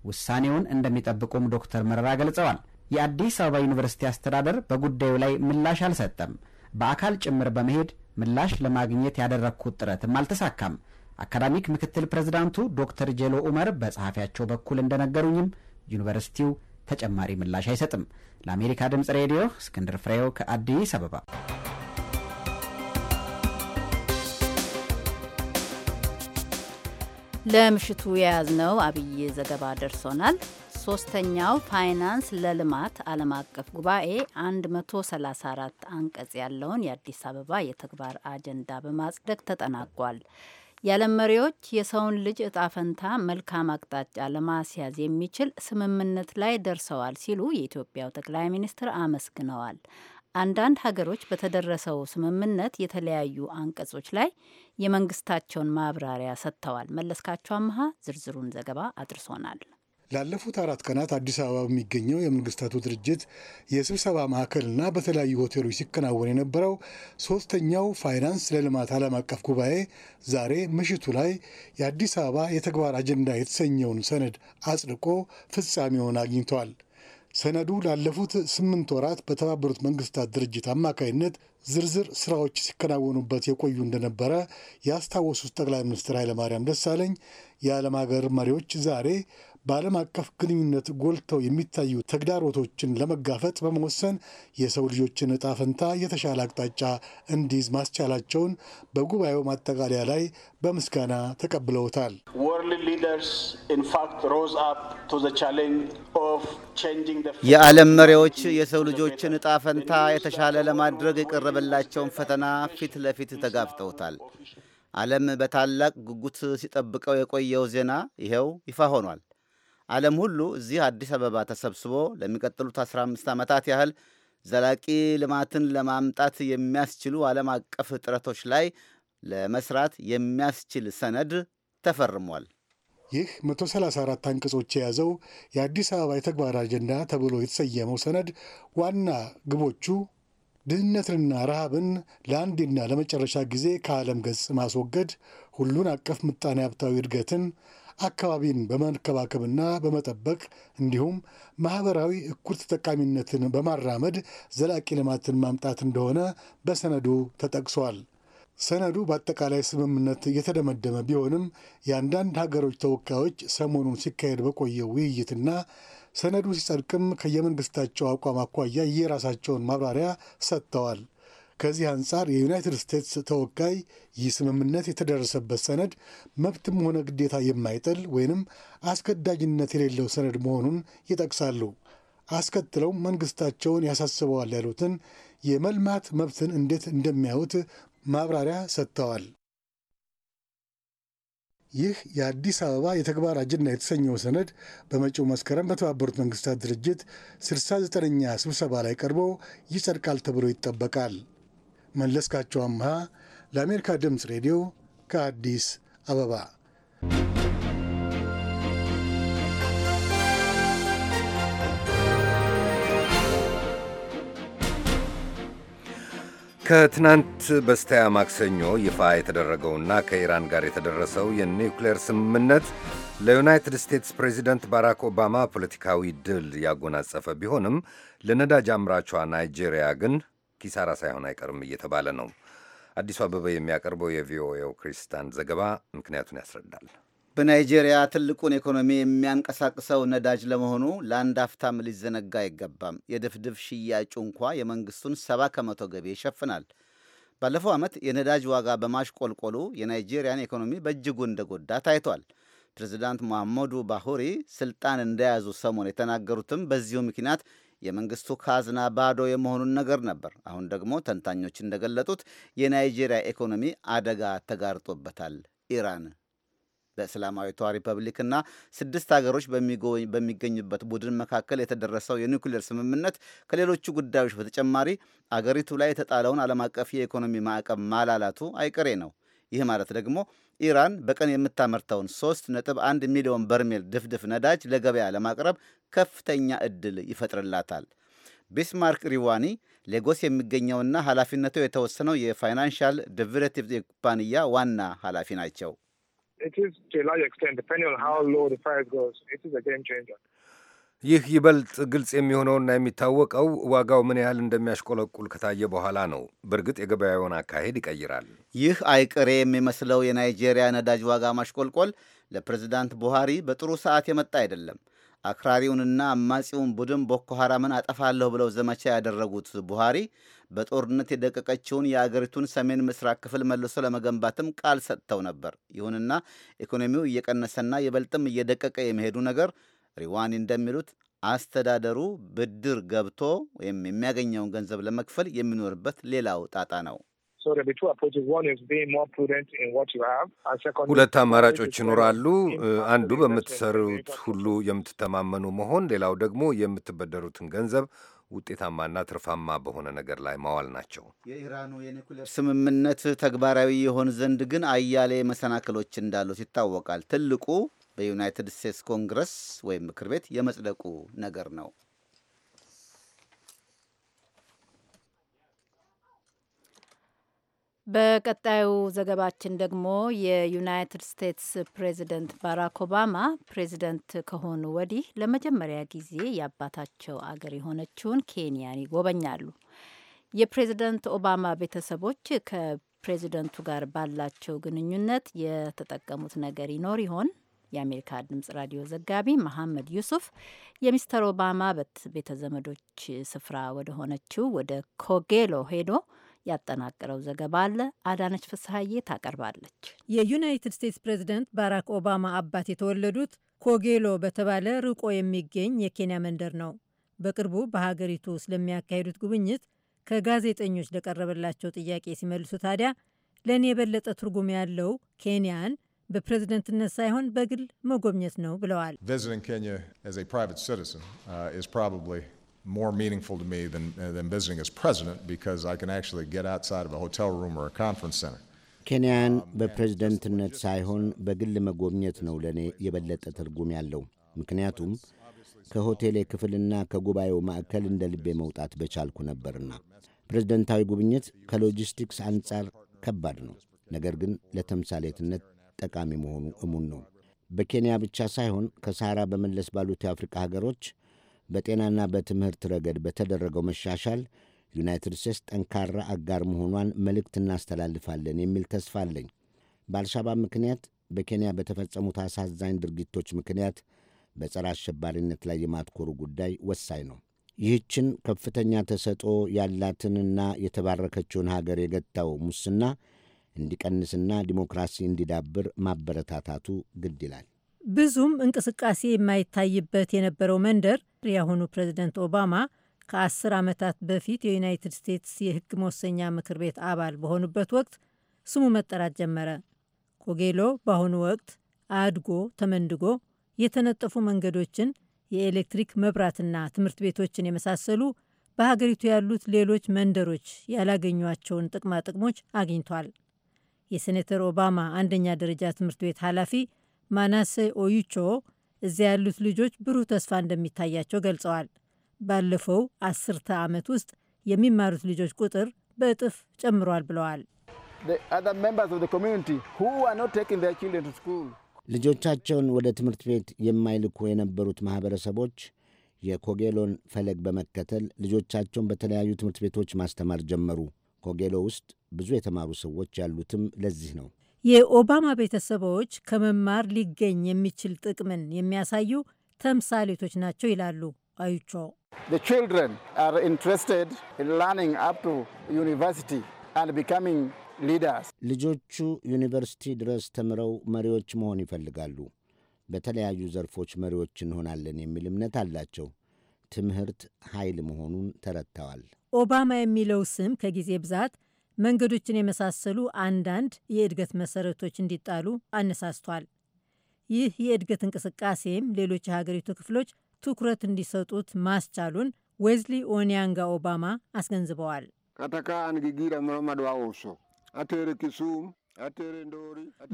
ውሳኔውን እንደሚጠብቁም ዶክተር መረራ ገልጸዋል። የአዲስ አበባ ዩኒቨርሲቲ አስተዳደር በጉዳዩ ላይ ምላሽ አልሰጠም። በአካል ጭምር በመሄድ ምላሽ ለማግኘት ያደረግኩት ጥረትም አልተሳካም። አካዳሚክ ምክትል ፕሬዝዳንቱ ዶክተር ጄሎ ኡመር በጸሐፊያቸው በኩል እንደነገሩኝም ዩኒቨርሲቲው ተጨማሪ ምላሽ አይሰጥም። ለአሜሪካ ድምፅ ሬዲዮ እስክንድር ፍሬው ከአዲስ አበባ ለምሽቱ የያዝነው አብይ ዘገባ ደርሶናል። ሶስተኛው ፋይናንስ ለልማት ዓለም አቀፍ ጉባኤ 134 አንቀጽ ያለውን የአዲስ አበባ የተግባር አጀንዳ በማጽደቅ ተጠናቋል። የዓለም መሪዎች የሰውን ልጅ እጣ ፈንታ መልካም አቅጣጫ ለማስያዝ የሚችል ስምምነት ላይ ደርሰዋል ሲሉ የኢትዮጵያው ጠቅላይ ሚኒስትር አመስግነዋል። አንዳንድ ሀገሮች በተደረሰው ስምምነት የተለያዩ አንቀጾች ላይ የመንግስታቸውን ማብራሪያ ሰጥተዋል። መለስካቸው አምሃ ዝርዝሩን ዘገባ አድርሶናል። ላለፉት አራት ቀናት አዲስ አበባ በሚገኘው የመንግስታቱ ድርጅት የስብሰባ ማዕከልና በተለያዩ ሆቴሎች ሲከናወን የነበረው ሶስተኛው ፋይናንስ ለልማት ዓለም አቀፍ ጉባኤ ዛሬ ምሽቱ ላይ የአዲስ አበባ የተግባር አጀንዳ የተሰኘውን ሰነድ አጽድቆ ፍጻሜውን አግኝቷል። ሰነዱ ላለፉት ስምንት ወራት በተባበሩት መንግስታት ድርጅት አማካይነት ዝርዝር ስራዎች ሲከናወኑበት የቆዩ እንደነበረ ያስታወሱት ጠቅላይ ሚኒስትር ኃይለማርያም ደሳለኝ የዓለም ሀገር መሪዎች ዛሬ በዓለም አቀፍ ግንኙነት ጎልተው የሚታዩ ተግዳሮቶችን ለመጋፈጥ በመወሰን የሰው ልጆችን እጣ ፈንታ የተሻለ አቅጣጫ እንዲይዝ ማስቻላቸውን በጉባኤው ማጠቃለያ ላይ በምስጋና ተቀብለውታል። የዓለም መሪዎች የሰው ልጆችን እጣ ፈንታ የተሻለ ለማድረግ የቀረበላቸውን ፈተና ፊት ለፊት ተጋፍጠውታል። ዓለም በታላቅ ጉጉት ሲጠብቀው የቆየው ዜና ይኸው ይፋ ሆኗል። ዓለም ሁሉ እዚህ አዲስ አበባ ተሰብስቦ ለሚቀጥሉት 15 ዓመታት ያህል ዘላቂ ልማትን ለማምጣት የሚያስችሉ ዓለም አቀፍ ጥረቶች ላይ ለመስራት የሚያስችል ሰነድ ተፈርሟል። ይህ 134 አንቀጾች የያዘው የአዲስ አበባ የተግባር አጀንዳ ተብሎ የተሰየመው ሰነድ ዋና ግቦቹ ድህነትንና ረሃብን ለአንዴና ለመጨረሻ ጊዜ ከዓለም ገጽ ማስወገድ፣ ሁሉን አቀፍ ምጣኔ ሀብታዊ እድገትን አካባቢን በመንከባከብና በመጠበቅ እንዲሁም ማህበራዊ እኩል ተጠቃሚነትን በማራመድ ዘላቂ ልማትን ማምጣት እንደሆነ በሰነዱ ተጠቅሷል። ሰነዱ በአጠቃላይ ስምምነት የተደመደመ ቢሆንም የአንዳንድ ሀገሮች ተወካዮች ሰሞኑን ሲካሄድ በቆየው ውይይትና ሰነዱ ሲጸድቅም ከየመንግስታቸው አቋም አኳያ የራሳቸውን ማብራሪያ ሰጥተዋል። ከዚህ አንጻር የዩናይትድ ስቴትስ ተወካይ ይህ ስምምነት የተደረሰበት ሰነድ መብትም ሆነ ግዴታ የማይጥል ወይንም አስገዳጅነት የሌለው ሰነድ መሆኑን ይጠቅሳሉ። አስከትለውም መንግስታቸውን ያሳስበዋል ያሉትን የመልማት መብትን እንዴት እንደሚያዩት ማብራሪያ ሰጥተዋል። ይህ የአዲስ አበባ የተግባር አጀንዳ የተሰኘው ሰነድ በመጪው መስከረም በተባበሩት መንግስታት ድርጅት 69ኛ ስብሰባ ላይ ቀርቦ ይጸድቃል ተብሎ ይጠበቃል። መለስካቸው አምሃ ለአሜሪካ ድምፅ ሬዲዮ ከአዲስ አበባ። ከትናንት በስቲያ ማክሰኞ ይፋ የተደረገውና ከኢራን ጋር የተደረሰው የኒውክሌር ስምምነት ለዩናይትድ ስቴትስ ፕሬዚደንት ባራክ ኦባማ ፖለቲካዊ ድል ያጎናጸፈ ቢሆንም ለነዳጅ አምራቿ ናይጄሪያ ግን ኪሳራ ሳይሆን አይቀርም እየተባለ ነው። አዲሱ አበበ የሚያቀርበው የቪኦኤው ክሪስታን ዘገባ ምክንያቱን ያስረዳል። በናይጄሪያ ትልቁን ኢኮኖሚ የሚያንቀሳቅሰው ነዳጅ ለመሆኑ ለአንድ አፍታም ሊዘነጋ አይገባም። የድፍድፍ ሽያጩ እንኳ የመንግስቱን ሰባ ከመቶ ገቢ ይሸፍናል። ባለፈው ዓመት የነዳጅ ዋጋ በማሽቆልቆሉ የናይጄሪያን ኢኮኖሚ በእጅጉ እንደጎዳ ታይቷል። ፕሬዚዳንት መሐመዱ ባሁሪ ስልጣን እንደያዙ ሰሞን የተናገሩትም በዚሁ ምክንያት የመንግስቱ ካዝና ባዶ የመሆኑን ነገር ነበር። አሁን ደግሞ ተንታኞች እንደገለጡት የናይጄሪያ ኢኮኖሚ አደጋ ተጋርጦበታል። ኢራን በእስላማዊቷ ሪፐብሊክና ስድስት ሀገሮች በሚገኙበት ቡድን መካከል የተደረሰው የኒውክሌር ስምምነት ከሌሎቹ ጉዳዮች በተጨማሪ አገሪቱ ላይ የተጣለውን ዓለም አቀፍ የኢኮኖሚ ማዕቀብ ማላላቱ አይቀሬ ነው። ይህ ማለት ደግሞ ኢራን በቀን የምታመርተውን 3.1 ሚሊዮን በርሜል ድፍድፍ ነዳጅ ለገበያ ለማቅረብ ከፍተኛ እድል ይፈጥርላታል። ቢስማርክ ሪዋኒ ሌጎስ የሚገኘውና ኃላፊነቱ የተወሰነው የፋይናንሻል ዴሪቬቲቭ ኩባንያ ዋና ኃላፊ ናቸው። ይህ ይበልጥ ግልጽ የሚሆነውና የሚታወቀው ዋጋው ምን ያህል እንደሚያሽቆለቁል ከታየ በኋላ ነው። በእርግጥ የገበያውን አካሄድ ይቀይራል። ይህ አይቅሬ የሚመስለው የናይጄሪያ ነዳጅ ዋጋ ማሽቆልቆል ለፕሬዚዳንት ቡሃሪ በጥሩ ሰዓት የመጣ አይደለም። አክራሪውንና አማጺውን ቡድን ቦኮ ሐራምን አጠፋለሁ ብለው ዘመቻ ያደረጉት ቡሃሪ በጦርነት የደቀቀችውን የአገሪቱን ሰሜን ምስራቅ ክፍል መልሶ ለመገንባትም ቃል ሰጥተው ነበር። ይሁንና ኢኮኖሚው እየቀነሰና ይበልጥም እየደቀቀ የመሄዱ ነገር ሪዋን እንደሚሉት አስተዳደሩ ብድር ገብቶ ወይም የሚያገኘውን ገንዘብ ለመክፈል የሚኖርበት ሌላው ጣጣ ነው። ሁለት አማራጮች ይኖራሉ። አንዱ በምትሰሩት ሁሉ የምትተማመኑ መሆን፣ ሌላው ደግሞ የምትበደሩትን ገንዘብ ውጤታማና ትርፋማ በሆነ ነገር ላይ ማዋል ናቸው። የኢራኑ የኒኩሌር ስምምነት ተግባራዊ የሆን ዘንድ ግን አያሌ መሰናክሎች እንዳሉት ይታወቃል። ትልቁ በዩናይትድ ስቴትስ ኮንግረስ ወይም ምክር ቤት የመጽደቁ ነገር ነው። በቀጣዩ ዘገባችን ደግሞ የዩናይትድ ስቴትስ ፕሬዚደንት ባራክ ኦባማ ፕሬዚደንት ከሆኑ ወዲህ ለመጀመሪያ ጊዜ የአባታቸው አገር የሆነችውን ኬንያን ይጎበኛሉ። የፕሬዚደንት ኦባማ ቤተሰቦች ከፕሬዝደንቱ ጋር ባላቸው ግንኙነት የተጠቀሙት ነገር ይኖር ይሆን? የአሜሪካ ድምጽ ራዲዮ ዘጋቢ መሐመድ ዩሱፍ የሚስተር ኦባማ ቤተ ዘመዶች ስፍራ ወደ ሆነችው ወደ ኮጌሎ ሄዶ ያጠናቀረው ዘገባ አለ። አዳነች ፍስሐዬ ታቀርባለች። የዩናይትድ ስቴትስ ፕሬዚደንት ባራክ ኦባማ አባት የተወለዱት ኮጌሎ በተባለ ርቆ የሚገኝ የኬንያ መንደር ነው። በቅርቡ በሀገሪቱ ስለሚያካሄዱት ጉብኝት ከጋዜጠኞች ለቀረበላቸው ጥያቄ ሲመልሱ ታዲያ ለእኔ የበለጠ ትርጉም ያለው ኬንያን በፕሬዝደንትነት ሳይሆን በግል መጎብኘት ነው ብለዋል። ኬንያን uh, um, በፕሬዝደንትነት ሳይሆን በግል መጎብኘት ነው ለእኔ የበለጠ ትርጉም ያለው ምክንያቱም ከሆቴሌ ክፍልና ከጉባኤው ማዕከል እንደ ልቤ መውጣት በቻልኩ ነበርና። ፕሬዝደንታዊ ጉብኝት ከሎጂስቲክስ አንጻር ከባድ ነው፣ ነገር ግን ለተምሳሌትነት ጠቃሚ መሆኑ እሙን ነው። በኬንያ ብቻ ሳይሆን ከሳራ በመለስ ባሉት የአፍሪካ ሀገሮች በጤናና በትምህርት ረገድ በተደረገው መሻሻል ዩናይትድ ስቴትስ ጠንካራ አጋር መሆኗን መልእክት እናስተላልፋለን የሚል ተስፋ አለኝ። በአልሻባብ ምክንያት በኬንያ በተፈጸሙት አሳዛኝ ድርጊቶች ምክንያት በጸረ አሸባሪነት ላይ የማትኮሩ ጉዳይ ወሳኝ ነው። ይህችን ከፍተኛ ተሰጥኦ ያላትንና የተባረከችውን ሀገር የገታው ሙስና እንዲቀንስና ዲሞክራሲ እንዲዳብር ማበረታታቱ ግድ ይላል። ብዙም እንቅስቃሴ የማይታይበት የነበረው መንደር የአሁኑ ፕሬዚደንት ኦባማ ከአስር ዓመታት በፊት የዩናይትድ ስቴትስ የሕግ መወሰኛ ምክር ቤት አባል በሆኑበት ወቅት ስሙ መጠራት ጀመረ። ኮጌሎ በአሁኑ ወቅት አድጎ ተመንድጎ የተነጠፉ መንገዶችን፣ የኤሌክትሪክ መብራትና ትምህርት ቤቶችን የመሳሰሉ በሀገሪቱ ያሉት ሌሎች መንደሮች ያላገኟቸውን ጥቅማ ጥቅሞች አግኝቷል። የሴኔተር ኦባማ አንደኛ ደረጃ ትምህርት ቤት ኃላፊ ማናሴ ኦዩቾ እዚያ ያሉት ልጆች ብሩህ ተስፋ እንደሚታያቸው ገልጸዋል። ባለፈው አስርተ ዓመት ውስጥ የሚማሩት ልጆች ቁጥር በእጥፍ ጨምሯል ብለዋል። ልጆቻቸውን ወደ ትምህርት ቤት የማይልኩ የነበሩት ማኅበረሰቦች የኮጌሎን ፈለግ በመከተል ልጆቻቸውን በተለያዩ ትምህርት ቤቶች ማስተማር ጀመሩ። ኮጌሎ ውስጥ ብዙ የተማሩ ሰዎች ያሉትም ለዚህ ነው። የኦባማ ቤተሰቦች ከመማር ሊገኝ የሚችል ጥቅምን የሚያሳዩ ተምሳሌቶች ናቸው ይላሉ አዩቾ። ልጆቹ ዩኒቨርሲቲ ድረስ ተምረው መሪዎች መሆን ይፈልጋሉ። በተለያዩ ዘርፎች መሪዎች እንሆናለን የሚል እምነት አላቸው። ትምህርት ኃይል መሆኑን ተረድተዋል። ኦባማ የሚለው ስም ከጊዜ ብዛት መንገዶችን የመሳሰሉ አንዳንድ የእድገት መሰረቶች እንዲጣሉ አነሳስቷል። ይህ የእድገት እንቅስቃሴም ሌሎች የሀገሪቱ ክፍሎች ትኩረት እንዲሰጡት ማስቻሉን ዌዝሊ ኦንያንጋ ኦባማ አስገንዝበዋል።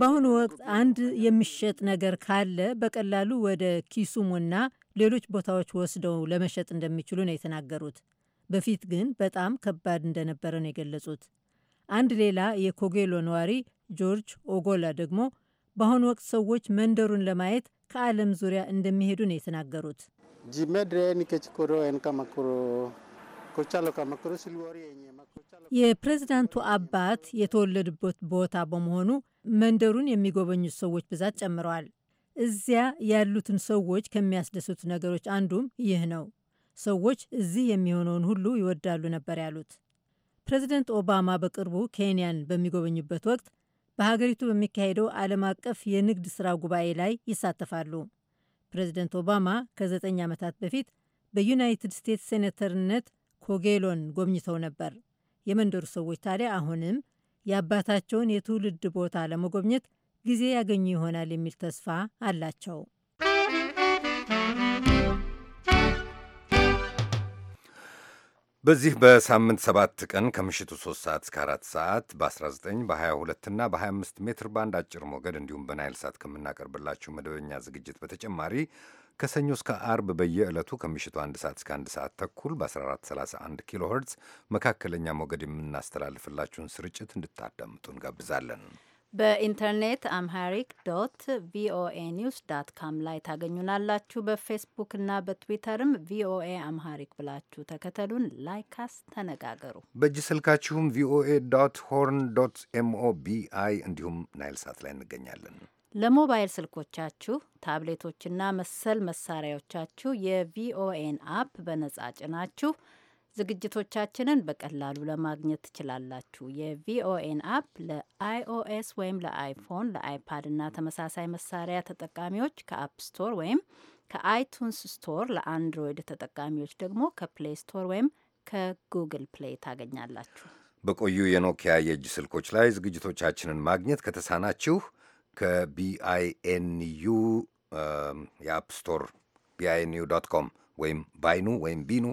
በአሁኑ ወቅት አንድ የሚሸጥ ነገር ካለ በቀላሉ ወደ ኪሱሙና ሌሎች ቦታዎች ወስደው ለመሸጥ እንደሚችሉ ነው የተናገሩት። በፊት ግን በጣም ከባድ እንደነበረ ነው የገለጹት። አንድ ሌላ የኮጌሎ ነዋሪ ጆርጅ ኦጎላ ደግሞ በአሁኑ ወቅት ሰዎች መንደሩን ለማየት ከዓለም ዙሪያ እንደሚሄዱ ነው የተናገሩት። የፕሬዝዳንቱ አባት የተወለዱበት ቦታ በመሆኑ መንደሩን የሚጎበኙት ሰዎች ብዛት ጨምረዋል። እዚያ ያሉትን ሰዎች ከሚያስደስቱት ነገሮች አንዱም ይህ ነው። ሰዎች እዚህ የሚሆነውን ሁሉ ይወዳሉ ነበር ያሉት። ፕሬዚደንት ኦባማ በቅርቡ ኬንያን በሚጎበኙበት ወቅት በሀገሪቱ በሚካሄደው ዓለም አቀፍ የንግድ ሥራ ጉባኤ ላይ ይሳተፋሉ። ፕሬዚደንት ኦባማ ከዘጠኝ ዓመታት በፊት በዩናይትድ ስቴትስ ሴኔተርነት ኮጌሎን ጎብኝተው ነበር። የመንደሩ ሰዎች ታዲያ አሁንም የአባታቸውን የትውልድ ቦታ ለመጎብኘት ጊዜ ያገኙ ይሆናል የሚል ተስፋ አላቸው። በዚህ በሳምንት ሰባት ቀን ከምሽቱ 3 ሰዓት እስከ 4 ሰዓት በ19 በ22 እና በ25 ሜትር ባንድ አጭር ሞገድ እንዲሁም በናይል ሳት ከምናቀርብላችሁ መደበኛ ዝግጅት በተጨማሪ ከሰኞ እስከ አርብ በየዕለቱ ከምሽቱ 1 ሰዓት እስከ 1 ሰዓት ተኩል በ1431 ኪሎ መካከለኛ ሞገድ የምናስተላልፍላችሁን ስርጭት እንድታዳምጡ እንጋብዛለን። በኢንተርኔት አምሃሪክ ዶት ቪኦኤ ኒውስ ዳት ካም ላይ ታገኙናላችሁ። በፌስቡክ እና በትዊተርም ቪኦኤ አምሃሪክ ብላችሁ ተከተሉን፣ ላይካስ ተነጋገሩ። በእጅ ስልካችሁም ቪኦኤ ዶት ሆርን ዶት ኤምኦቢአይ እንዲሁም ናይል ሳት ላይ እንገኛለን። ለሞባይል ስልኮቻችሁ ታብሌቶችና መሰል መሳሪያዎቻችሁ የቪኦኤን አፕ በነጻ ጭናችሁ ዝግጅቶቻችንን በቀላሉ ለማግኘት ትችላላችሁ። የቪኦኤን አፕ ለአይኦኤስ ወይም ለአይፎን፣ ለአይፓድ እና ተመሳሳይ መሳሪያ ተጠቃሚዎች ከአፕ ስቶር ወይም ከአይቱንስ ስቶር፣ ለአንድሮይድ ተጠቃሚዎች ደግሞ ከፕሌይ ስቶር ወይም ከጉግል ፕሌይ ታገኛላችሁ። በቆዩ የኖኪያ የእጅ ስልኮች ላይ ዝግጅቶቻችንን ማግኘት ከተሳናችሁ ከቢአይኤንዩ የአፕ ስቶር ቢአይኤንዩ ዶት ኮም ወይም ባይኑ ወይም ቢኑ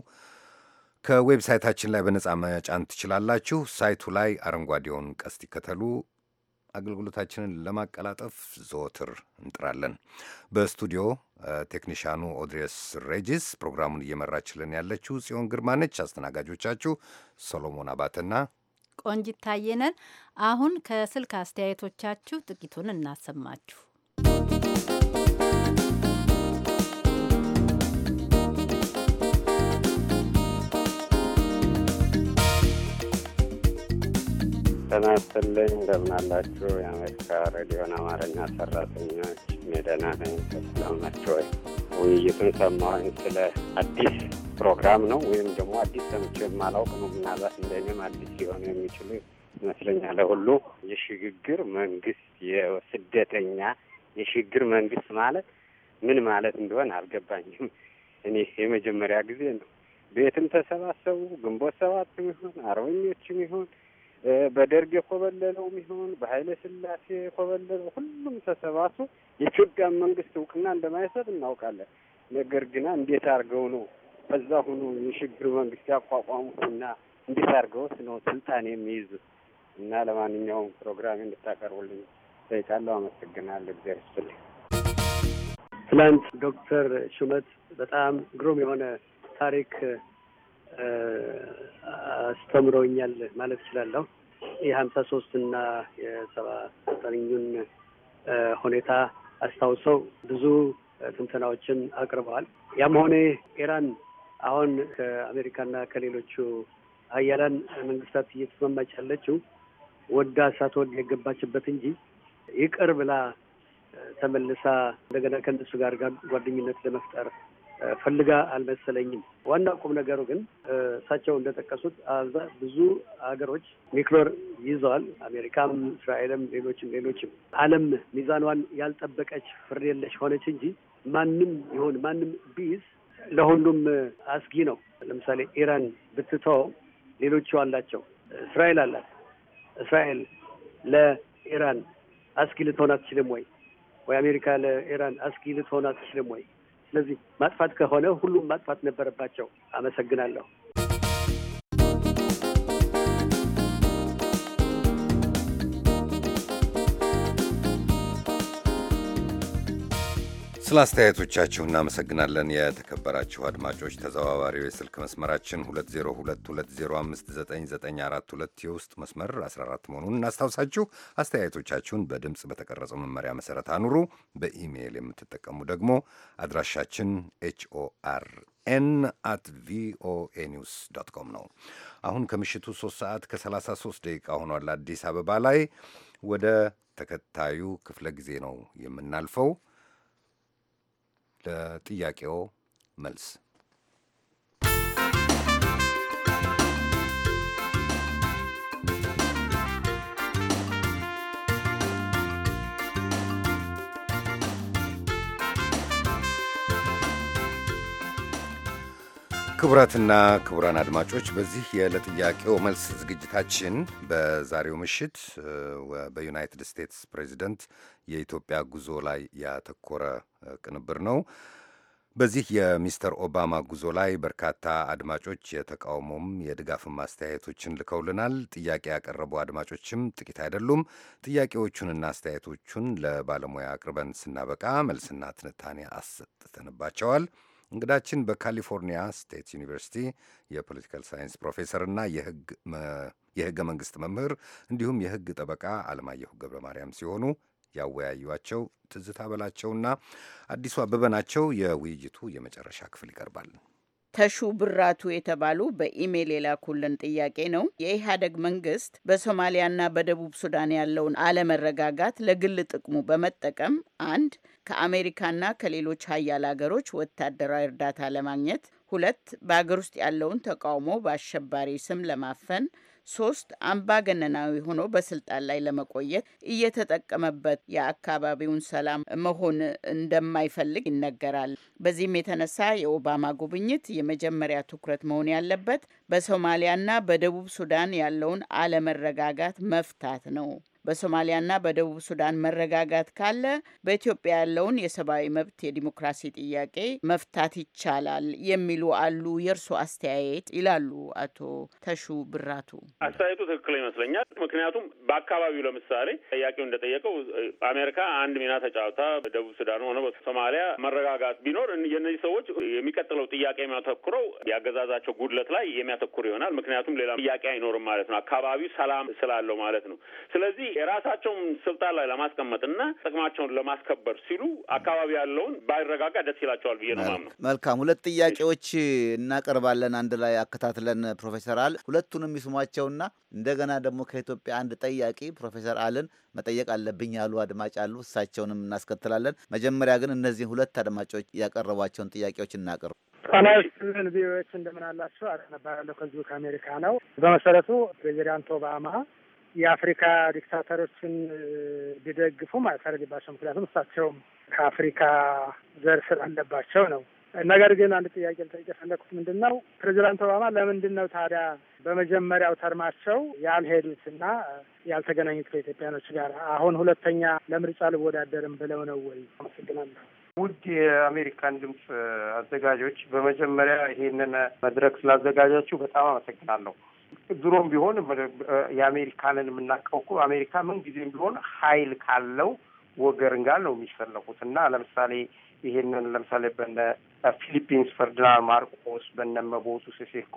ከዌብሳይታችን ላይ በነጻ መጫን ትችላላችሁ። ሳይቱ ላይ አረንጓዴውን ቀስት ይከተሉ። አገልግሎታችንን ለማቀላጠፍ ዘወትር እንጥራለን። በስቱዲዮ ቴክኒሽያኑ ኦድሬስ ሬጂስ፣ ፕሮግራሙን እየመራችልን ያለችው ጽዮን ግርማ ነች። አስተናጋጆቻችሁ ሰሎሞን አባትና ቆንጂት ታየነን። አሁን ከስልክ አስተያየቶቻችሁ ጥቂቱን እናሰማችሁ። ጤና ይስጥልኝ። እንደምናላችሁ የአሜሪካ ሬዲዮን አማርኛ ሰራተኞች ሜደና ነኝ። ሰላም ውይይቱን ሰማሁኝ። ስለ አዲስ ፕሮግራም ነው ወይም ደግሞ አዲስ ሰምቼ የማላውቅ ነው። ምናልባት እንደኔም አዲስ ሊሆኑ የሚችሉ ይመስለኛል። ለሁሉ የሽግግር መንግስት የስደተኛ የሽግግር መንግስት ማለት ምን ማለት እንደሆነ አልገባኝም። እኔ የመጀመሪያ ጊዜ ነው። ቤትም ተሰባሰቡ ግንቦት ሰባትም ይሁን አርበኞችም ይሁን በደርግ የኮበለለውም ይሁን በኃይለ ስላሴ የኮበለለው ሁሉም ተሰባሱ የኢትዮጵያን መንግስት እውቅና እንደማይሰጥ እናውቃለን። ነገር ግና እንዴት አድርገው ነው በዛ ሁኑ የሽግግር መንግስት ያቋቋሙትና እንዴት አድርገውስ ነው ስልጣን የሚይዙት? እና ለማንኛውም ፕሮግራም እንድታቀርቡልኝ ጠይቃለሁ። አመሰግናለሁ። እግዚአብሔር ይስጥልኝ። ዶክተር ሹመት በጣም ግሩም የሆነ ታሪክ አስተምረውኛል ማለት እችላለሁ። የሀምሳ ሶስት እና የሰባ ዘጠኝን ሁኔታ አስታውሰው ብዙ ትንተናዎችን አቅርበዋል። ያም ሆነ ኢራን አሁን ከአሜሪካና ከሌሎቹ ሀያላን መንግስታት እየተስማማች ያለችው ወዳ ሳትወድ የገባችበት እንጂ ይቅር ብላ ተመልሳ እንደገና ከእነሱ ጋር ጓደኝነት ለመፍጠር ፈልጋ አልመሰለኝም። ዋና ቁም ነገሩ ግን እሳቸው እንደጠቀሱት አዛ ብዙ ሀገሮች ኒክሎር ይዘዋል። አሜሪካም፣ እስራኤልም፣ ሌሎችም ሌሎችም። ዓለም ሚዛኗን ያልጠበቀች ፍርድ የለሽ ሆነች እንጂ ማንም ይሁን ማንም ቢይዝ ለሁሉም አስጊ ነው። ለምሳሌ ኢራን ብትተው ሌሎቹ አላቸው። እስራኤል አላት። እስራኤል ለኢራን አስጊ ልትሆን አትችልም ወይ? ወይ አሜሪካ ለኢራን አስጊ ልትሆን አትችልም ወይ? ስለዚህ ማጥፋት ከሆነ ሁሉም ማጥፋት ነበረባቸው። አመሰግናለሁ። ስለ አስተያየቶቻችሁ እናመሰግናለን። የተከበራችሁ አድማጮች ተዘዋዋሪው የስልክ መስመራችን 2022059942 የውስጥ መስመር 14 መሆኑን እናስታውሳችሁ። አስተያየቶቻችሁን በድምፅ በተቀረጸው መመሪያ መሰረት አኑሩ። በኢሜይል የምትጠቀሙ ደግሞ አድራሻችን ኤችኦአር ኤን አት ቪኦኤ ኒውስ ዶት ኮም ነው። አሁን ከምሽቱ 3 ሰዓት ከ33 ደቂቃ ሆኗል። አዲስ አበባ ላይ ወደ ተከታዩ ክፍለ ጊዜ ነው የምናልፈው። ለጥያቄው መልስ ክቡራትና ክቡራን አድማጮች በዚህ የለጥያቄው መልስ ዝግጅታችን በዛሬው ምሽት በዩናይትድ ስቴትስ ፕሬዚደንት የኢትዮጵያ ጉዞ ላይ ያተኮረ ቅንብር ነው። በዚህ የሚስተር ኦባማ ጉዞ ላይ በርካታ አድማጮች የተቃውሞም የድጋፍም አስተያየቶችን ልከውልናል። ጥያቄ ያቀረቡ አድማጮችም ጥቂት አይደሉም። ጥያቄዎቹንና አስተያየቶቹን ለባለሙያ አቅርበን ስናበቃ መልስና ትንታኔ አሰጥተንባቸዋል። እንግዳችን በካሊፎርኒያ ስቴት ዩኒቨርሲቲ የፖለቲካል ሳይንስ ፕሮፌሰርና የህገ መንግስት መምህር እንዲሁም የህግ ጠበቃ አለማየሁ ገብረ ማርያም ሲሆኑ ያወያዩቸው ትዝታ በላቸውና አዲሱ አበበ ናቸው። የውይይቱ የመጨረሻ ክፍል ይቀርባል። ተሹ ብራቱ የተባሉ በኢሜይል የላኩልን ጥያቄ ነው። የኢህአደግ መንግስት በሶማሊያና በደቡብ ሱዳን ያለውን አለመረጋጋት ለግል ጥቅሙ በመጠቀም አንድ ከአሜሪካና ከሌሎች ሀያል ሀገሮች ወታደራዊ እርዳታ ለማግኘት፣ ሁለት በሀገር ውስጥ ያለውን ተቃውሞ በአሸባሪ ስም ለማፈን ሶስት አምባገነናዊ ሆኖ በስልጣን ላይ ለመቆየት እየተጠቀመበት የአካባቢውን ሰላም መሆን እንደማይፈልግ ይነገራል። በዚህም የተነሳ የኦባማ ጉብኝት የመጀመሪያ ትኩረት መሆን ያለበት በሶማሊያና በደቡብ ሱዳን ያለውን አለመረጋጋት መፍታት ነው። በሶማሊያና በደቡብ ሱዳን መረጋጋት ካለ በኢትዮጵያ ያለውን የሰብአዊ መብት የዲሞክራሲ ጥያቄ መፍታት ይቻላል የሚሉ አሉ። የእርሱ አስተያየት ይላሉ አቶ ተሹ ብራቱ። አስተያየቱ ትክክል ይመስለኛል። ምክንያቱም በአካባቢው ለምሳሌ ጥያቄው እንደጠየቀው አሜሪካ አንድ ሚና ተጫውታ በደቡብ ሱዳን ሆነ በሶማሊያ መረጋጋት ቢኖር የእነዚህ ሰዎች የሚቀጥለው ጥያቄ የሚያተኩረው ያገዛዛቸው ጉድለት ላይ የሚያተኩር ይሆናል። ምክንያቱም ሌላ ጥያቄ አይኖርም ማለት ነው። አካባቢው ሰላም ስላለው ማለት ነው። ስለዚህ የራሳቸውን ስልጣን ላይ ለማስቀመጥና ጥቅማቸውን ለማስከበር ሲሉ አካባቢ ያለውን ባይረጋጋ ደስ ይላቸዋል ብዬ ነው ማምነው። መልካም ሁለት ጥያቄዎች እናቀርባለን አንድ ላይ አከታትለን ፕሮፌሰር አል ሁለቱን የሚስሟቸውና እንደገና ደግሞ ከኢትዮጵያ አንድ ጠያቂ ፕሮፌሰር አልን መጠየቅ አለብኝ ያሉ አድማጭ አሉ። እሳቸውንም እናስከትላለን። መጀመሪያ ግን እነዚህ ሁለት አድማጮች ያቀረቧቸውን ጥያቄዎች እናቅርብ። ጣናዊስትን ቪዎች እንደምን አላችሁ? አለ እባላለሁ ከዚሁ ከአሜሪካ ነው። በመሰረቱ ፕሬዚዳንት ኦባማ የአፍሪካ ዲክታተሮችን ቢደግፉ ማለት አለባቸው። ምክንያቱም እሳቸውም ከአፍሪካ ዘር ስላለባቸው ነው። ነገር ግን አንድ ጥያቄ ልጠይቅ የፈለኩት ምንድን ነው ፕሬዚዳንት ኦባማ ለምንድን ነው ታዲያ በመጀመሪያው ተርማቸው ያልሄዱት እና ያልተገናኙት ከኢትዮጵያኖች ጋር? አሁን ሁለተኛ ለምርጫ ልወዳደርም ብለው ነው ወይ? አመሰግናለሁ። ውድ የአሜሪካን ድምፅ አዘጋጆች፣ በመጀመሪያ ይሄንን መድረክ ስላዘጋጃችሁ በጣም አመሰግናለሁ። ድሮም ቢሆን የአሜሪካንን የምናውቀው እኮ አሜሪካ ምን ጊዜም ቢሆን ኃይል ካለው ወገን ጋር ነው የሚፈለጉት እና ለምሳሌ ይሄንን ለምሳሌ በነ ፊሊፒንስ ፈርዲናንድ ማርቆስ በነ መቦቱ ሴሴኮ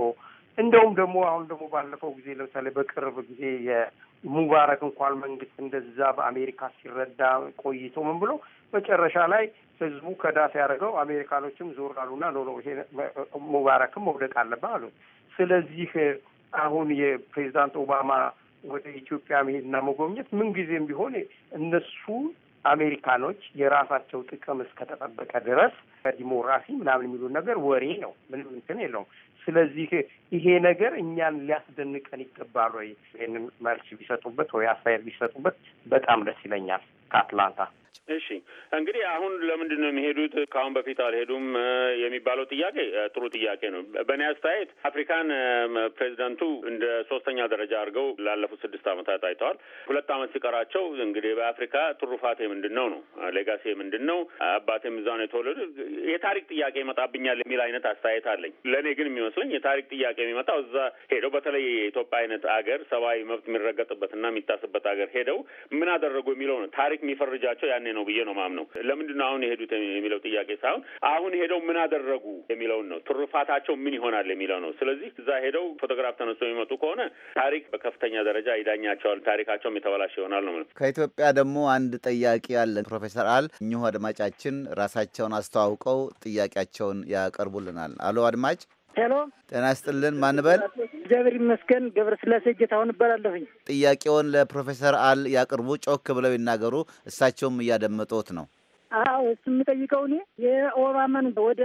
እንደውም ደግሞ አሁን ደግሞ ባለፈው ጊዜ ለምሳሌ በቅርብ ጊዜ የሙባረክ እንኳን መንግስት እንደዛ በአሜሪካ ሲረዳ ቆይቶ ምን ብሎ መጨረሻ ላይ ህዝቡ ከዳስ ያደረገው አሜሪካኖችም ዞር አሉና ኖ ይሄ ሙባረክም መውደቅ አለበት አሉት። ስለዚህ አሁን የፕሬዚዳንት ኦባማ ወደ ኢትዮጵያ መሄድና መጎብኘት ምንጊዜም ቢሆን እነሱ አሜሪካኖች የራሳቸው ጥቅም እስከተጠበቀ ድረስ ዲሞክራሲ ምናምን የሚሉን ነገር ወሬ ነው። ምንም እንትን የለውም። ስለዚህ ይሄ ነገር እኛን ሊያስደንቀን ይገባል ወይ? ይህንን መልስ ቢሰጡበት ወይ አስተያየት ቢሰጡበት በጣም ደስ ይለኛል። ከአትላንታ እሺ እንግዲህ አሁን ለምንድን ነው የሚሄዱት? ከአሁን በፊት አልሄዱም የሚባለው ጥያቄ ጥሩ ጥያቄ ነው። በእኔ አስተያየት አፍሪካን ፕሬዚደንቱ እንደ ሶስተኛ ደረጃ አድርገው ላለፉት ስድስት ዓመታት አይተዋል። ሁለት ዓመት ሲቀራቸው እንግዲህ በአፍሪካ ትሩፋቴ ምንድን ነው ነው ሌጋሴ ምንድን ነው አባቴም እዛ ነው የተወለዱ የታሪክ ጥያቄ ይመጣብኛል የሚል አይነት አስተያየት አለኝ። ለእኔ ግን የሚወስ ሲመስለኝ የታሪክ ጥያቄ የሚመጣው እዛ ሄደው በተለይ የኢትዮጵያ አይነት አገር ሰብአዊ መብት የሚረገጥበትና የሚጣስበት አገር ሄደው ምን አደረጉ የሚለው ነው። ታሪክ የሚፈርጃቸው ያኔ ነው ብዬ ነው ማምነው። ለምንድን ነው አሁን የሄዱት የሚለው ጥያቄ ሳይሆን አሁን ሄደው ምን አደረጉ የሚለውን ነው። ትሩፋታቸው ምን ይሆናል የሚለው ነው። ስለዚህ እዛ ሄደው ፎቶግራፍ ተነስቶ የሚመጡ ከሆነ ታሪክ በከፍተኛ ደረጃ ይዳኛቸዋል። ታሪካቸውም የተበላሸ ይሆናል ነው ከኢትዮጵያ ደግሞ አንድ ጠያቂ አለ። ፕሮፌሰር አል እኚሁ አድማጫችን ራሳቸውን አስተዋውቀው ጥያቄያቸውን ያቀርቡልናል። አሎ አድማጭ ሄሎ፣ ጤና ይስጥልን። ማንበል እግዚአብሔር ይመስገን። ገብረ ስላሴ ጌታሁን እባላለሁኝ። ጥያቄውን ለፕሮፌሰር አል ያቅርቡ፣ ጮክ ብለው ይናገሩ። እሳቸውም እያደመጡት ነው። አዎ እሱ የምጠይቀው እኔ የኦባማን ወደ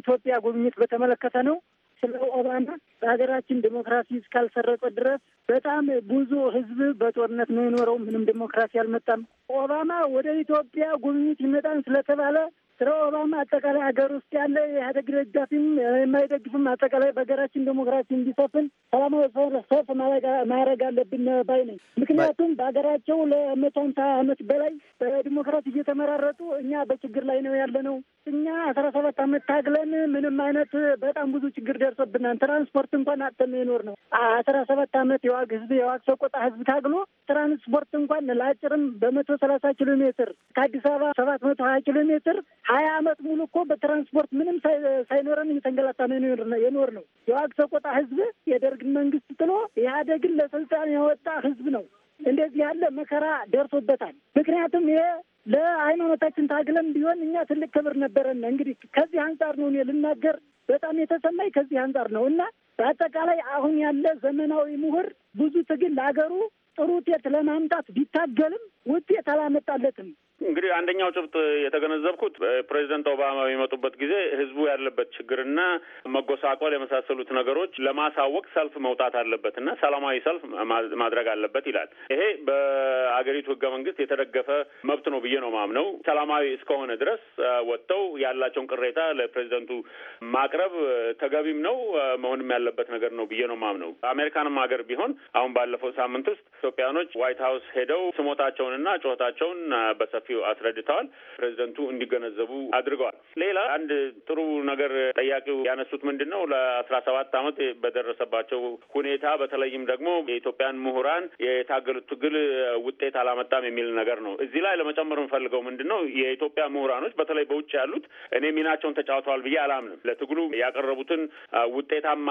ኢትዮጵያ ጉብኝት በተመለከተ ነው። ስለ ኦባማ በሀገራችን ዴሞክራሲ እስካልሰረጠ ድረስ በጣም ብዙ ህዝብ በጦርነት ነው የኖረው። ምንም ዴሞክራሲ አልመጣም። ኦባማ ወደ ኢትዮጵያ ጉብኝት ይመጣን ስለተባለ ስለ ኦባማ አጠቃላይ ሀገር ውስጥ ያለ የኢህአዴግ ደጋፊም የማይደግፍም አጠቃላይ በሀገራችን ዴሞክራሲ እንዲሰፍን ሰላማዊ ሰልፍ ማድረግ አለብን ባይ ነኝ። ምክንያቱም በሀገራቸው ለመቶ ሀምሳ አመት በላይ በዲሞክራሲ እየተመራረጡ እኛ በችግር ላይ ነው ያለ ነው። እኛ አስራ ሰባት አመት ታግለን ምንም አይነት በጣም ብዙ ችግር ደርሶብናል። ትራንስፖርት እንኳን አጥተን የኖር ነው። አስራ ሰባት አመት የዋግ ህዝብ የዋግ ሰቆጣ ህዝብ ታግሎ ትራንስፖርት እንኳን ለአጭርም በመቶ ሰላሳ ኪሎ ሜትር ከአዲስ አበባ ሰባት መቶ ሀያ ኪሎ ሜትር ሀያ አመት ሙሉ እኮ በትራንስፖርት ምንም ሳይኖረን የተንገላታ ነው የኖር ነው። የዋግ ሰቆጣ ህዝብ የደርግን መንግስት ጥሎ ኢህአዴግን ለስልጣን የወጣ ህዝብ ነው። እንደዚህ ያለ መከራ ደርሶበታል። ምክንያቱም ይሄ ለሃይማኖታችን ታግለን ቢሆን እኛ ትልቅ ክብር ነበረን። እንግዲህ ከዚህ አንጻር ነው እኔ ልናገር በጣም የተሰማኝ ከዚህ አንጻር ነው እና በአጠቃላይ አሁን ያለ ዘመናዊ ምሁር ብዙ ትግል ለሀገሩ ጥሩ ውጤት ለማምጣት ቢታገልም ውጤት አላመጣለትም። እንግዲህ አንደኛው ጭብጥ የተገነዘብኩት ፕሬዚደንት ኦባማ በሚመጡበት ጊዜ ህዝቡ ያለበት ችግርና መጎሳቆል የመሳሰሉት ነገሮች ለማሳወቅ ሰልፍ መውጣት አለበት እና ሰላማዊ ሰልፍ ማድረግ አለበት ይላል። ይሄ በአገሪቱ ህገ መንግስት የተደገፈ መብት ነው ብዬ ነው ማምነው። ሰላማዊ እስከሆነ ድረስ ወጥተው ያላቸውን ቅሬታ ለፕሬዚደንቱ ማቅረብ ተገቢም ነው፣ መሆንም ያለበት ነገር ነው ብዬ ነው ማምነው። አሜሪካንም ሀገር ቢሆን አሁን ባለፈው ሳምንት ውስጥ ኢትዮጵያኖች ዋይት ሀውስ ሄደው ስሞታቸውንና ጩኸታቸውን በሰ በሰፊው አስረድተዋል። ፕሬዚደንቱ እንዲገነዘቡ አድርገዋል። ሌላ አንድ ጥሩ ነገር ጠያቂው ያነሱት ምንድን ነው ለአስራ ሰባት አመት በደረሰባቸው ሁኔታ በተለይም ደግሞ የኢትዮጵያን ምሁራን የታገሉት ትግል ውጤት አላመጣም የሚል ነገር ነው። እዚህ ላይ ለመጨመር የምፈልገው ምንድን ነው የኢትዮጵያ ምሁራኖች በተለይ በውጭ ያሉት እኔ ሚናቸውን ተጫውተዋል ብዬ አላምንም። ለትግሉ ያቀረቡትን ውጤታማ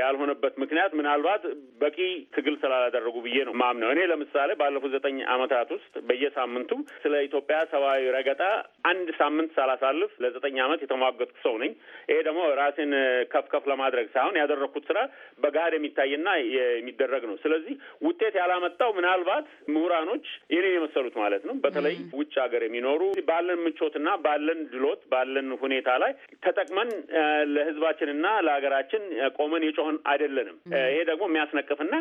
ያልሆነበት ምክንያት ምናልባት በቂ ትግል ስላላደረጉ ብዬ ነው ማምነው። እኔ ለምሳሌ ባለፉት ዘጠኝ አመታት ውስጥ በየሳምንቱ ስለ ስለ ኢትዮጵያ ሰብአዊ ረገጣ አንድ ሳምንት ሳላሳልፍ ለዘጠኝ ዓመት የተሟገጥኩ ሰው ነኝ። ይሄ ደግሞ ራሴን ከፍ ከፍ ለማድረግ ሳይሆን ያደረግኩት ስራ በገሃድ የሚታይና የሚደረግ ነው። ስለዚህ ውጤት ያላመጣው ምናልባት ምሁራኖች የኔ የመሰሉት ማለት ነው፣ በተለይ ውጭ ሀገር የሚኖሩ ባለን ምቾትና ባለን ድሎት ባለን ሁኔታ ላይ ተጠቅመን ለህዝባችንና ለሀገራችን ቆመን የጮህን አይደለንም። ይሄ ደግሞ የሚያስነቅፍና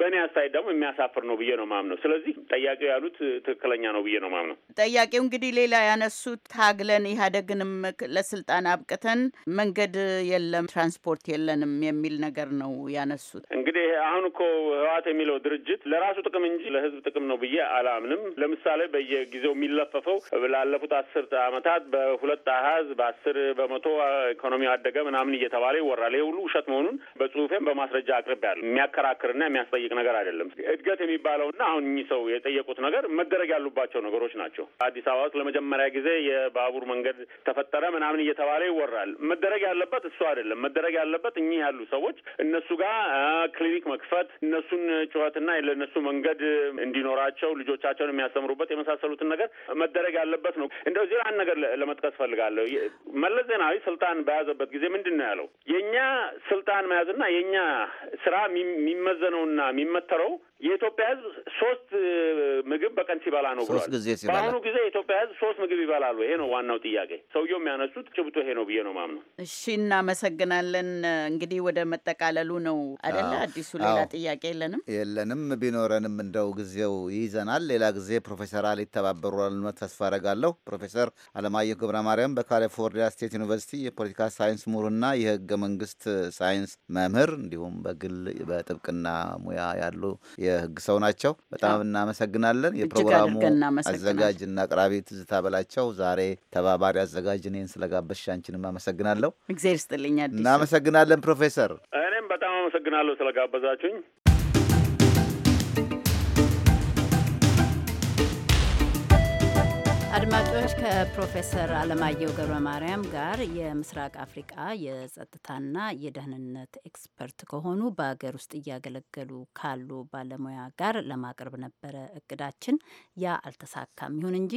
በእኔ አስተያየት ደግሞ የሚያሳፍር ነው ብዬ ነው ማምነው። ስለዚህ ጠያቂው ያሉት ትክክለኛ ነው ብዬ ነው ማምነው። ነው። ጠያቄው እንግዲህ ሌላ ያነሱት ታግለን ኢህአዴግንም ለስልጣን አብቅተን መንገድ የለም ትራንስፖርት የለንም የሚል ነገር ነው ያነሱት። እንግዲህ አሁን እኮ ህወሓት የሚለው ድርጅት ለራሱ ጥቅም እንጂ ለህዝብ ጥቅም ነው ብዬ አላምንም። ለምሳሌ በየጊዜው የሚለፈፈው ላለፉት አስር አመታት በሁለት አሀዝ በአስር በመቶ ኢኮኖሚ አደገ ምናምን እየተባለ ይወራል። ይህ ሁሉ ውሸት መሆኑን በጽሁፌም በማስረጃ አቅርቤያለሁ። የሚያከራክርና የሚያስጠይቅ ነገር አይደለም። እድገት የሚባለውና አሁን እኚህ ሰው የጠየቁት ነገር መደረግ ያሉባቸው ነገሮች ናቸው። አዲስ አበባ ውስጥ ለመጀመሪያ ጊዜ የባቡር መንገድ ተፈጠረ ምናምን እየተባለ ይወራል። መደረግ ያለበት እሱ አይደለም። መደረግ ያለበት እኚህ ያሉ ሰዎች እነሱ ጋር ክሊኒክ መክፈት፣ እነሱን ጩኸትና ለእነሱ መንገድ እንዲኖራቸው ልጆቻቸውን የሚያስተምሩበት የመሳሰሉትን ነገር መደረግ ያለበት ነው። እንደው እዚህ አንድ ነገር ለመጥቀስ ፈልጋለሁ። መለስ ዜናዊ ስልጣን በያዘበት ጊዜ ምንድን ነው ያለው? የእኛ ስልጣን መያዝና የእኛ ስራ የሚመዘነውና የሚመተረው የኢትዮጵያ ህዝብ ሶስት ምግብ በቀን ሲበላ ነው ብሏል። በአሁኑ ጊዜ የኢትዮጵያ ህዝብ ሶስት ምግብ ይበላሉ። ይሄ ነው ዋናው ጥያቄ። ሰውየው የሚያነሱት ጭብጡ ይሄ ነው ብዬ ነው ማምነው። እሺ፣ እናመሰግናለን። እንግዲህ ወደ መጠቃለሉ ነው አደለ? አዲሱ ሌላ ጥያቄ የለንም የለንም። ቢኖረንም እንደው ጊዜው ይይዘናል። ሌላ ጊዜ ፕሮፌሰር አሊ ይተባበሩናል ተስፋ አረጋለሁ። ፕሮፌሰር አለማየሁ ገብረ ማርያም በካሊፎርኒያ ስቴት ዩኒቨርሲቲ የፖለቲካ ሳይንስ ምሁርና የህገ መንግስት ሳይንስ መምህር እንዲሁም በግል በጥብቅና ሙያ ያሉ የህግ ሰው ናቸው። በጣም እናመሰግናለን። የፕሮግራሙ አዘጋጅና አቅራቢ ትዝታ በላቸው፣ ዛሬ ተባባሪ አዘጋጅ እኔን ስለጋበሽ አንቺንም አመሰግናለሁ። እግዚአብሔር ይስጥልኝ። እናመሰግናለን ፕሮፌሰር። እኔም በጣም አመሰግናለሁ ስለጋበዛችሁኝ። አድማጮች ከፕሮፌሰር አለማየሁ ገብረ ማርያም ጋር የምስራቅ አፍሪቃ የጸጥታና የደህንነት ኤክስፐርት ከሆኑ በሀገር ውስጥ እያገለገሉ ካሉ ባለሙያ ጋር ለማቅረብ ነበረ እቅዳችን። ያ አልተሳካም። ይሁን እንጂ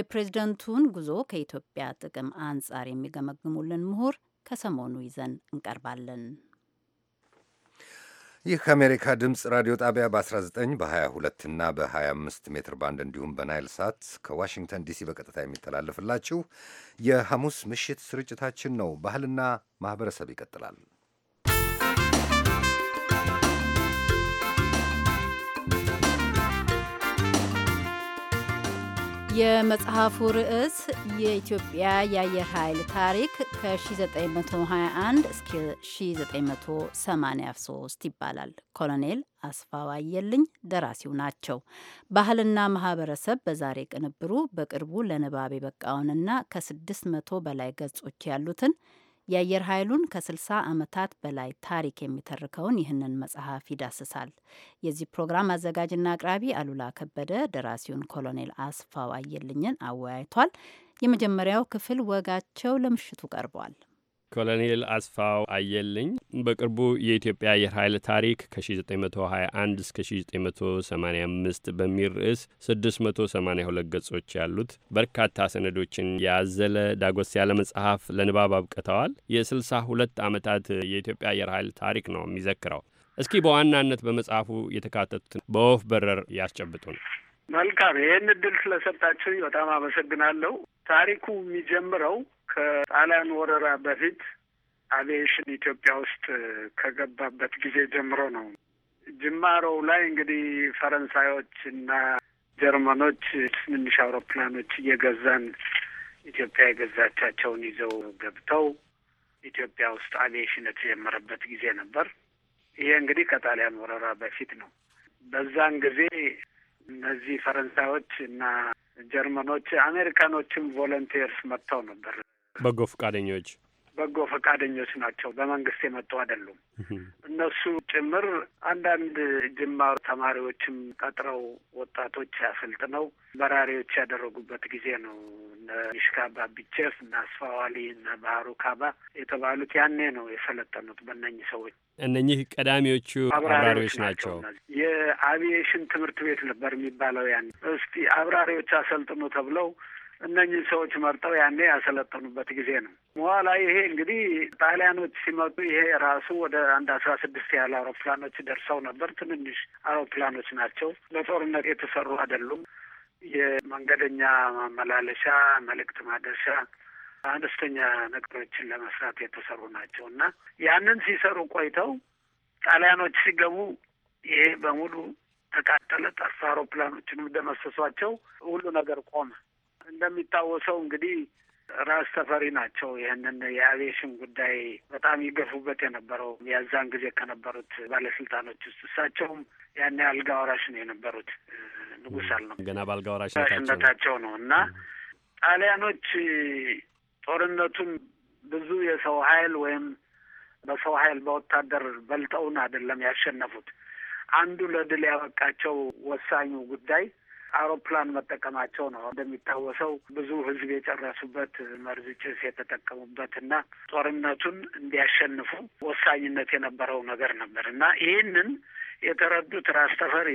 የፕሬዝደንቱን ጉዞ ከኢትዮጵያ ጥቅም አንጻር የሚገመግሙልን ምሁር ከሰሞኑ ይዘን እንቀርባለን። ይህ ከአሜሪካ ድምፅ ራዲዮ ጣቢያ በ19 በ22 እና በ25 ሜትር ባንድ እንዲሁም በናይል ሳት ከዋሽንግተን ዲሲ በቀጥታ የሚተላለፍላችሁ የሐሙስ ምሽት ስርጭታችን ነው። ባህልና ማኅበረሰብ ይቀጥላል። የመጽሐፉ ርዕስ የኢትዮጵያ የአየር ኃይል ታሪክ ከ1921 እስከ 1983 ይባላል። ኮሎኔል አስፋው አየልኝ ደራሲው ናቸው። ባህልና ማህበረሰብ በዛሬ ቅንብሩ በቅርቡ ለንባብ የበቃውንና ከ600 በላይ ገጾች ያሉትን የአየር ኃይሉን ከ60 ዓመታት በላይ ታሪክ የሚተርከውን ይህንን መጽሐፍ ይዳስሳል። የዚህ ፕሮግራም አዘጋጅና አቅራቢ አሉላ ከበደ ደራሲውን ኮሎኔል አስፋው አየልኝን አወያይቷል። የመጀመሪያው ክፍል ወጋቸው ለምሽቱ ቀርቧል። ኮሎኔል አስፋው አየልኝ በቅርቡ የኢትዮጵያ አየር ኃይል ታሪክ ከ1921 እስከ 1985 በሚል ርዕስ 682 ገጾች ያሉት በርካታ ሰነዶችን ያዘለ ዳጎስ ያለ መጽሐፍ ለንባብ አብቅተዋል። የ62 ዓመታት የኢትዮጵያ አየር ኃይል ታሪክ ነው የሚዘክረው። እስኪ በዋናነት በመጽሐፉ የተካተቱትን በወፍ በረር ያስጨብጡን። መልካም፣ ይህን እድል ስለሰጣችሁኝ በጣም አመሰግናለሁ። ታሪኩ የሚጀምረው ከጣሊያን ወረራ በፊት አቪዬሽን ኢትዮጵያ ውስጥ ከገባበት ጊዜ ጀምሮ ነው። ጅማሮው ላይ እንግዲህ ፈረንሳዮች እና ጀርመኖች ትንንሽ አውሮፕላኖች እየገዛን ኢትዮጵያ የገዛቻቸውን ይዘው ገብተው ኢትዮጵያ ውስጥ አቪዬሽን የተጀመረበት ጊዜ ነበር። ይሄ እንግዲህ ከጣሊያን ወረራ በፊት ነው። በዛን ጊዜ እነዚህ ፈረንሳዮች እና ጀርመኖች አሜሪካኖችም ቮለንቲርስ መጥተው ነበር በጎ ፈቃደኞች በጎ ፈቃደኞች ናቸው። በመንግስት የመጡ አይደሉም። እነሱ ጭምር አንዳንድ ጅማር ተማሪዎችም ቀጥረው ወጣቶች አሰልጥነው በራሪዎች ያደረጉበት ጊዜ ነው። እነ ሚሽካ ባቢቼፍ እና አስፋዋሊ እና ባህሩ ካባ የተባሉት ያኔ ነው የሰለጠኑት። በእነኚህ ሰዎች እነኚህ ቀዳሚዎቹ አብራሪዎች ናቸው። የአቪዬሽን ትምህርት ቤት ነበር የሚባለው ያን እስቲ አብራሪዎች አሰልጥኑ ተብለው እነኚህ ሰዎች መርጠው ያኔ ያሰለጠኑበት ጊዜ ነው። በኋላ ይሄ እንግዲህ ጣሊያኖች ሲመጡ ይሄ ራሱ ወደ አንድ አስራ ስድስት ያህል አውሮፕላኖች ደርሰው ነበር። ትንንሽ አውሮፕላኖች ናቸው። ለጦርነት የተሰሩ አይደሉም። የመንገደኛ ማመላለሻ፣ መልእክት ማደርሻ አነስተኛ ነገሮችን ለመስራት የተሰሩ ናቸው እና ያንን ሲሰሩ ቆይተው ጣሊያኖች ሲገቡ ይሄ በሙሉ ተቃጠለ፣ ጠርፍ አውሮፕላኖችን ደመሰሷቸው። ሁሉ ነገር ቆመ። እንደሚታወሰው እንግዲህ ራስ ተፈሪ ናቸው ይህንን የአቪዬሽን ጉዳይ በጣም ይገፉበት የነበረው የዛን ጊዜ ከነበሩት ባለስልጣኖች ውስጥ እሳቸውም ያን አልጋ ወራሽ ነው የነበሩት። አል ነው ገና በአልጋ ወራሽነታቸው ነው እና ጣሊያኖች ጦርነቱን ብዙ የሰው ኃይል ወይም በሰው ኃይል በወታደር በልጠውን አይደለም ያሸነፉት። አንዱ ለድል ያበቃቸው ወሳኙ ጉዳይ አውሮፕላን መጠቀማቸው ነው። እንደሚታወሰው ብዙ ህዝብ የጨረሱበት መርዝ ጭስ የተጠቀሙበት እና ጦርነቱን እንዲያሸንፉ ወሳኝነት የነበረው ነገር ነበር እና ይህንን የተረዱት ራስተፈሪ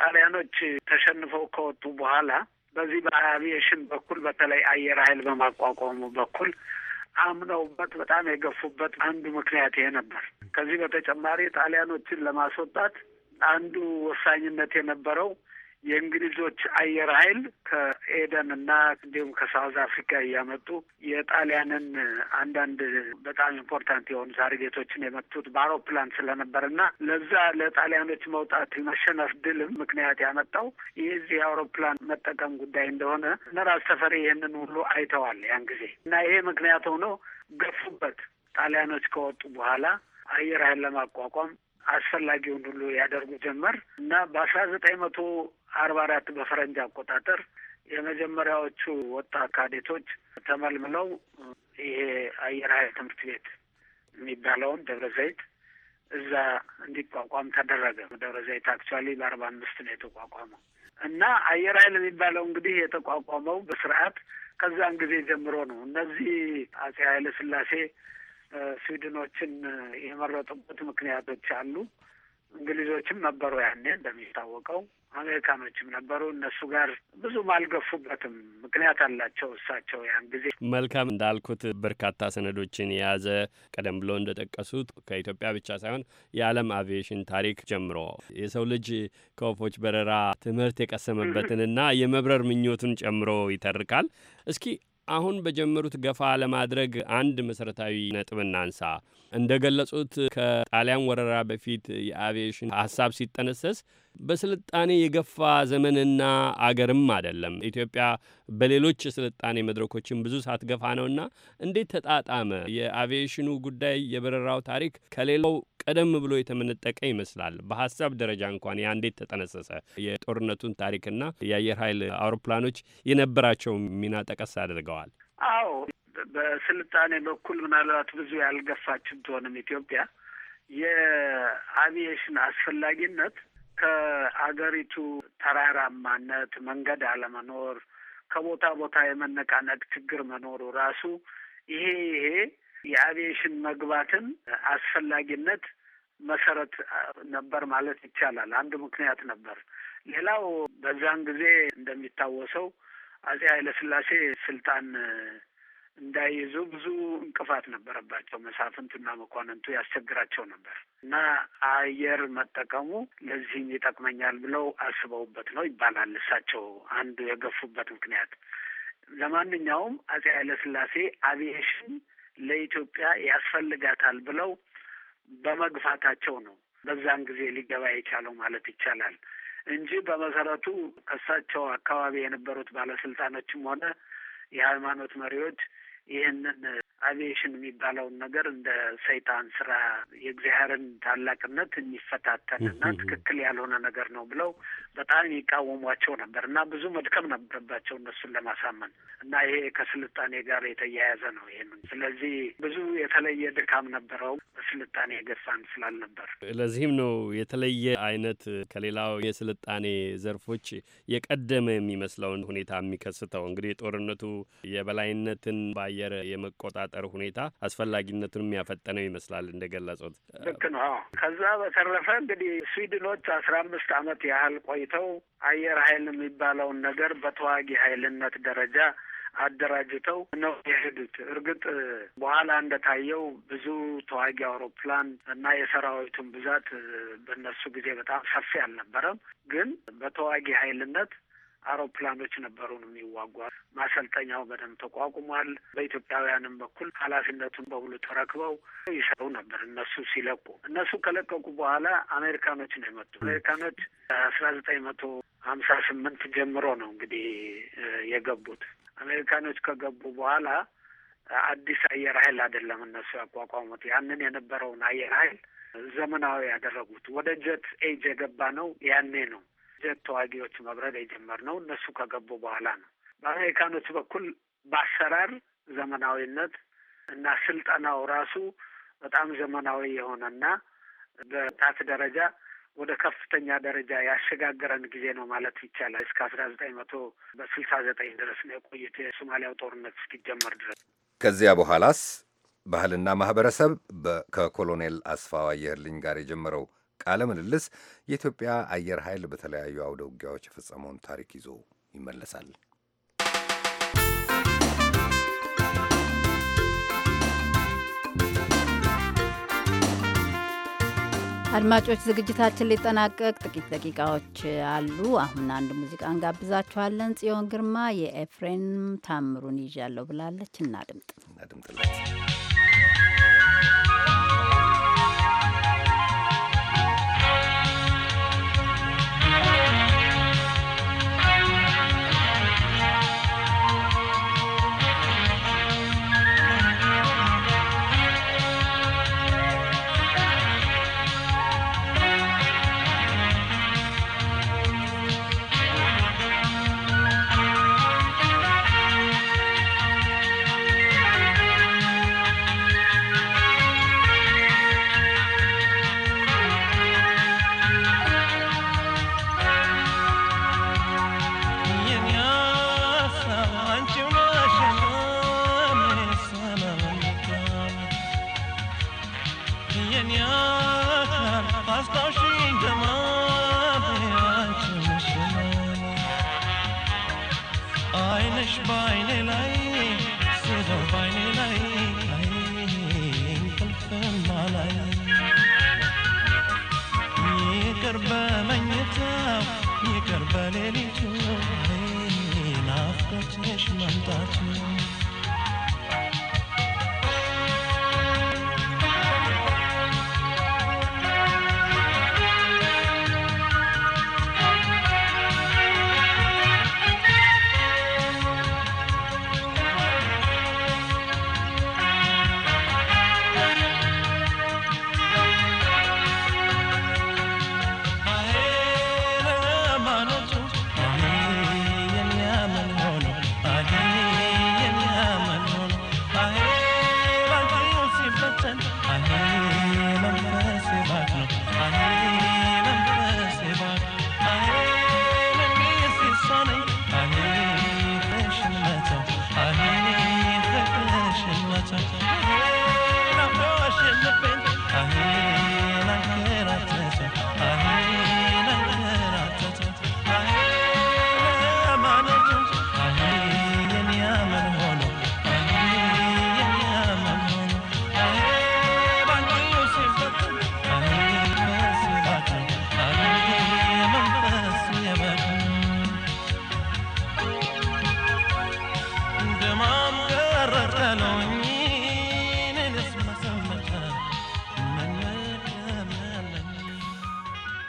ጣሊያኖች ተሸንፈው ከወጡ በኋላ በዚህ በአቪዬሽን በኩል በተለይ አየር ኃይል በማቋቋሙ በኩል አምነውበት በጣም የገፉበት አንዱ ምክንያት ይሄ ነበር። ከዚህ በተጨማሪ ጣሊያኖችን ለማስወጣት አንዱ ወሳኝነት የነበረው የእንግሊዞች አየር ኃይል ከኤደን እና እንዲሁም ከሳውዝ አፍሪካ እያመጡ የጣሊያንን አንዳንድ በጣም ኢምፖርታንት የሆኑ ታርጌቶችን የመቱት በአውሮፕላን ስለነበር እና ለዛ ለጣሊያኖች መውጣት መሸነፍ ድልም ምክንያት ያመጣው የዚህ የአውሮፕላን መጠቀም ጉዳይ እንደሆነ እነራስ ተፈሪ ይህንን ሁሉ አይተዋል ያን ጊዜ እና ይሄ ምክንያት ሆኖ ገፉበት። ጣሊያኖች ከወጡ በኋላ አየር ኃይል ለማቋቋም አስፈላጊውን ሁሉ ያደርጉ ጀመር እና በአስራ ዘጠኝ መቶ አርባ አራት በፈረንጅ አቆጣጠር የመጀመሪያዎቹ ወጣት ካዴቶች ተመልምለው ይሄ አየር ኃይል ትምህርት ቤት የሚባለውን ደብረ ዘይት እዛ እንዲቋቋም ተደረገ። ደብረ ዘይት አክቹዋሊ በአርባ አምስት ነው የተቋቋመው እና አየር ኃይል የሚባለው እንግዲህ የተቋቋመው በስርዓት ከዛን ጊዜ ጀምሮ ነው። እነዚህ አጼ ኃይለ ስላሴ ስዊድኖችን የመረጡበት ምክንያቶች አሉ። እንግሊዞችም ነበሩ ያኔ እንደሚታወቀው፣ አሜሪካኖችም ነበሩ። እነሱ ጋር ብዙም አልገፉበትም፣ ምክንያት አላቸው እሳቸው ያን ጊዜ። መልካም እንዳልኩት በርካታ ሰነዶችን የያዘ ቀደም ብሎ እንደጠቀሱት ከኢትዮጵያ ብቻ ሳይሆን የዓለም አቪዬሽን ታሪክ ጀምሮ የሰው ልጅ ከወፎች በረራ ትምህርት የቀሰመበትንና የመብረር ምኞቱን ጨምሮ ይተርካል። እስኪ አሁን በጀመሩት ገፋ ለማድረግ አንድ መሰረታዊ ነጥብ እናንሳ። እንደ ገለጹት ከጣሊያን ወረራ በፊት የአቪዬሽን ሀሳብ ሲጠነሰስ በስልጣኔ የገፋ ዘመንና አገርም አይደለም ኢትዮጵያ በሌሎች የስልጣኔ መድረኮችን ብዙ ሳትገፋ ነውና እንዴት ተጣጣመ? የአቪዬሽኑ ጉዳይ የበረራው ታሪክ ከሌላው ቀደም ብሎ የተመነጠቀ ይመስላል። በሀሳብ ደረጃ እንኳን ያ እንዴት ተጠነሰሰ? የጦርነቱን ታሪክና የአየር ኃይል አውሮፕላኖች የነበራቸው ሚና ጠቀስ አድርገዋል። አዎ በስልጣኔ በኩል ምናልባት ብዙ ያልገፋችን ትሆንም ኢትዮጵያ የአቪዬሽን አስፈላጊነት ከአገሪቱ ተራራማነት፣ መንገድ አለመኖር፣ ከቦታ ቦታ የመነቃነቅ ችግር መኖሩ ራሱ ይሄ ይሄ የአቪዬሽን መግባትን አስፈላጊነት መሰረት ነበር ማለት ይቻላል። አንዱ ምክንያት ነበር። ሌላው በዛን ጊዜ እንደሚታወሰው አጼ ኃይለ ስልጣን እንዳይይዙ ብዙ እንቅፋት ነበረባቸው። መሳፍንቱና መኳንንቱ ያስቸግራቸው ነበር እና አየር መጠቀሙ ለዚህም ይጠቅመኛል ብለው አስበውበት ነው ይባላል። እሳቸው አንዱ የገፉበት ምክንያት። ለማንኛውም አጼ ኃይለስላሴ አቪዬሽን ለኢትዮጵያ ያስፈልጋታል ብለው በመግፋታቸው ነው በዛን ጊዜ ሊገባ የቻለው ማለት ይቻላል እንጂ በመሰረቱ ከእሳቸው አካባቢ የነበሩት ባለስልጣኖችም ሆነ የሃይማኖት መሪዎች ይህንን አቪዬሽን የሚባለውን ነገር እንደ ሰይጣን ስራ የእግዚአብሔርን ታላቅነት የሚፈታተን እና ትክክል ያልሆነ ነገር ነው ብለው በጣም ይቃወሟቸው ነበር እና ብዙ መድከም ነበረባቸው እነሱን ለማሳመን እና ይሄ ከስልጣኔ ጋር የተያያዘ ነው። ይህን ስለዚህ ብዙ የተለየ ድካም ነበረው በስልጣኔ የገፋን ስላልነበር። ለዚህም ነው የተለየ አይነት ከሌላው የስልጣኔ ዘርፎች የቀደመ የሚመስለውን ሁኔታ የሚከስተው እንግዲህ የጦርነቱ የበላይነትን በአየር የመቆጣጠ የመፈጠር ሁኔታ አስፈላጊነቱን የሚያፈጠነው ይመስላል እንደገለጹት። ልክ ነው። ከዛ በተረፈ እንግዲህ ስዊድኖች አስራ አምስት ዓመት ያህል ቆይተው አየር ኃይል የሚባለውን ነገር በተዋጊ ኃይልነት ደረጃ አደራጅተው ነው የሄዱት። እርግጥ በኋላ እንደታየው ብዙ ተዋጊ አውሮፕላን እና የሰራዊቱን ብዛት በእነሱ ጊዜ በጣም ሰፊ አልነበረም። ግን በተዋጊ ኃይልነት አውሮፕላኖች ነበሩን የሚዋጓ ማሰልጠኛው በደንብ ተቋቁሟል። በኢትዮጵያውያንም በኩል ኃላፊነቱን በሙሉ ተረክበው ይሰሩ ነበር። እነሱ ሲለቁ እነሱ ከለቀቁ በኋላ አሜሪካኖች ነው የመጡ። አሜሪካኖች አስራ ዘጠኝ መቶ ሀምሳ ስምንት ጀምሮ ነው እንግዲህ የገቡት። አሜሪካኖች ከገቡ በኋላ አዲስ አየር ኃይል አይደለም እነሱ ያቋቋሙት። ያንን የነበረውን አየር ኃይል ዘመናዊ ያደረጉት ወደ ጀት ኤጅ የገባ ነው ያኔ ነው ጀት ተዋጊዎች መብረር የጀመርነው እነሱ ከገቡ በኋላ ነው። በአሜሪካኖች በኩል በአሰራር ዘመናዊነት እና ስልጠናው ራሱ በጣም ዘመናዊ የሆነና በታት ደረጃ ወደ ከፍተኛ ደረጃ ያሸጋገረን ጊዜ ነው ማለት ይቻላል። እስከ አስራ ዘጠኝ መቶ በስልሳ ዘጠኝ ድረስ ነው የቆዩት የሶማሊያው ጦርነት እስኪጀመር ድረስ። ከዚያ በኋላስ ባህልና ማህበረሰብ ከኮሎኔል አስፋው አየህልኝ ጋር የጀመረው ቃለ ምልልስ የኢትዮጵያ አየር ኃይል በተለያዩ አውደ ውጊያዎች የፈጸመውን ታሪክ ይዞ ይመለሳል። አድማጮች ዝግጅታችን ሊጠናቀቅ ጥቂት ደቂቃዎች አሉ። አሁን አንድ ሙዚቃ እንጋብዛችኋለን። ጽዮን ግርማ የኤፍሬም ታምሩን ይዣለሁ ብላለች። እናድምጥ እናድምጥላችሁ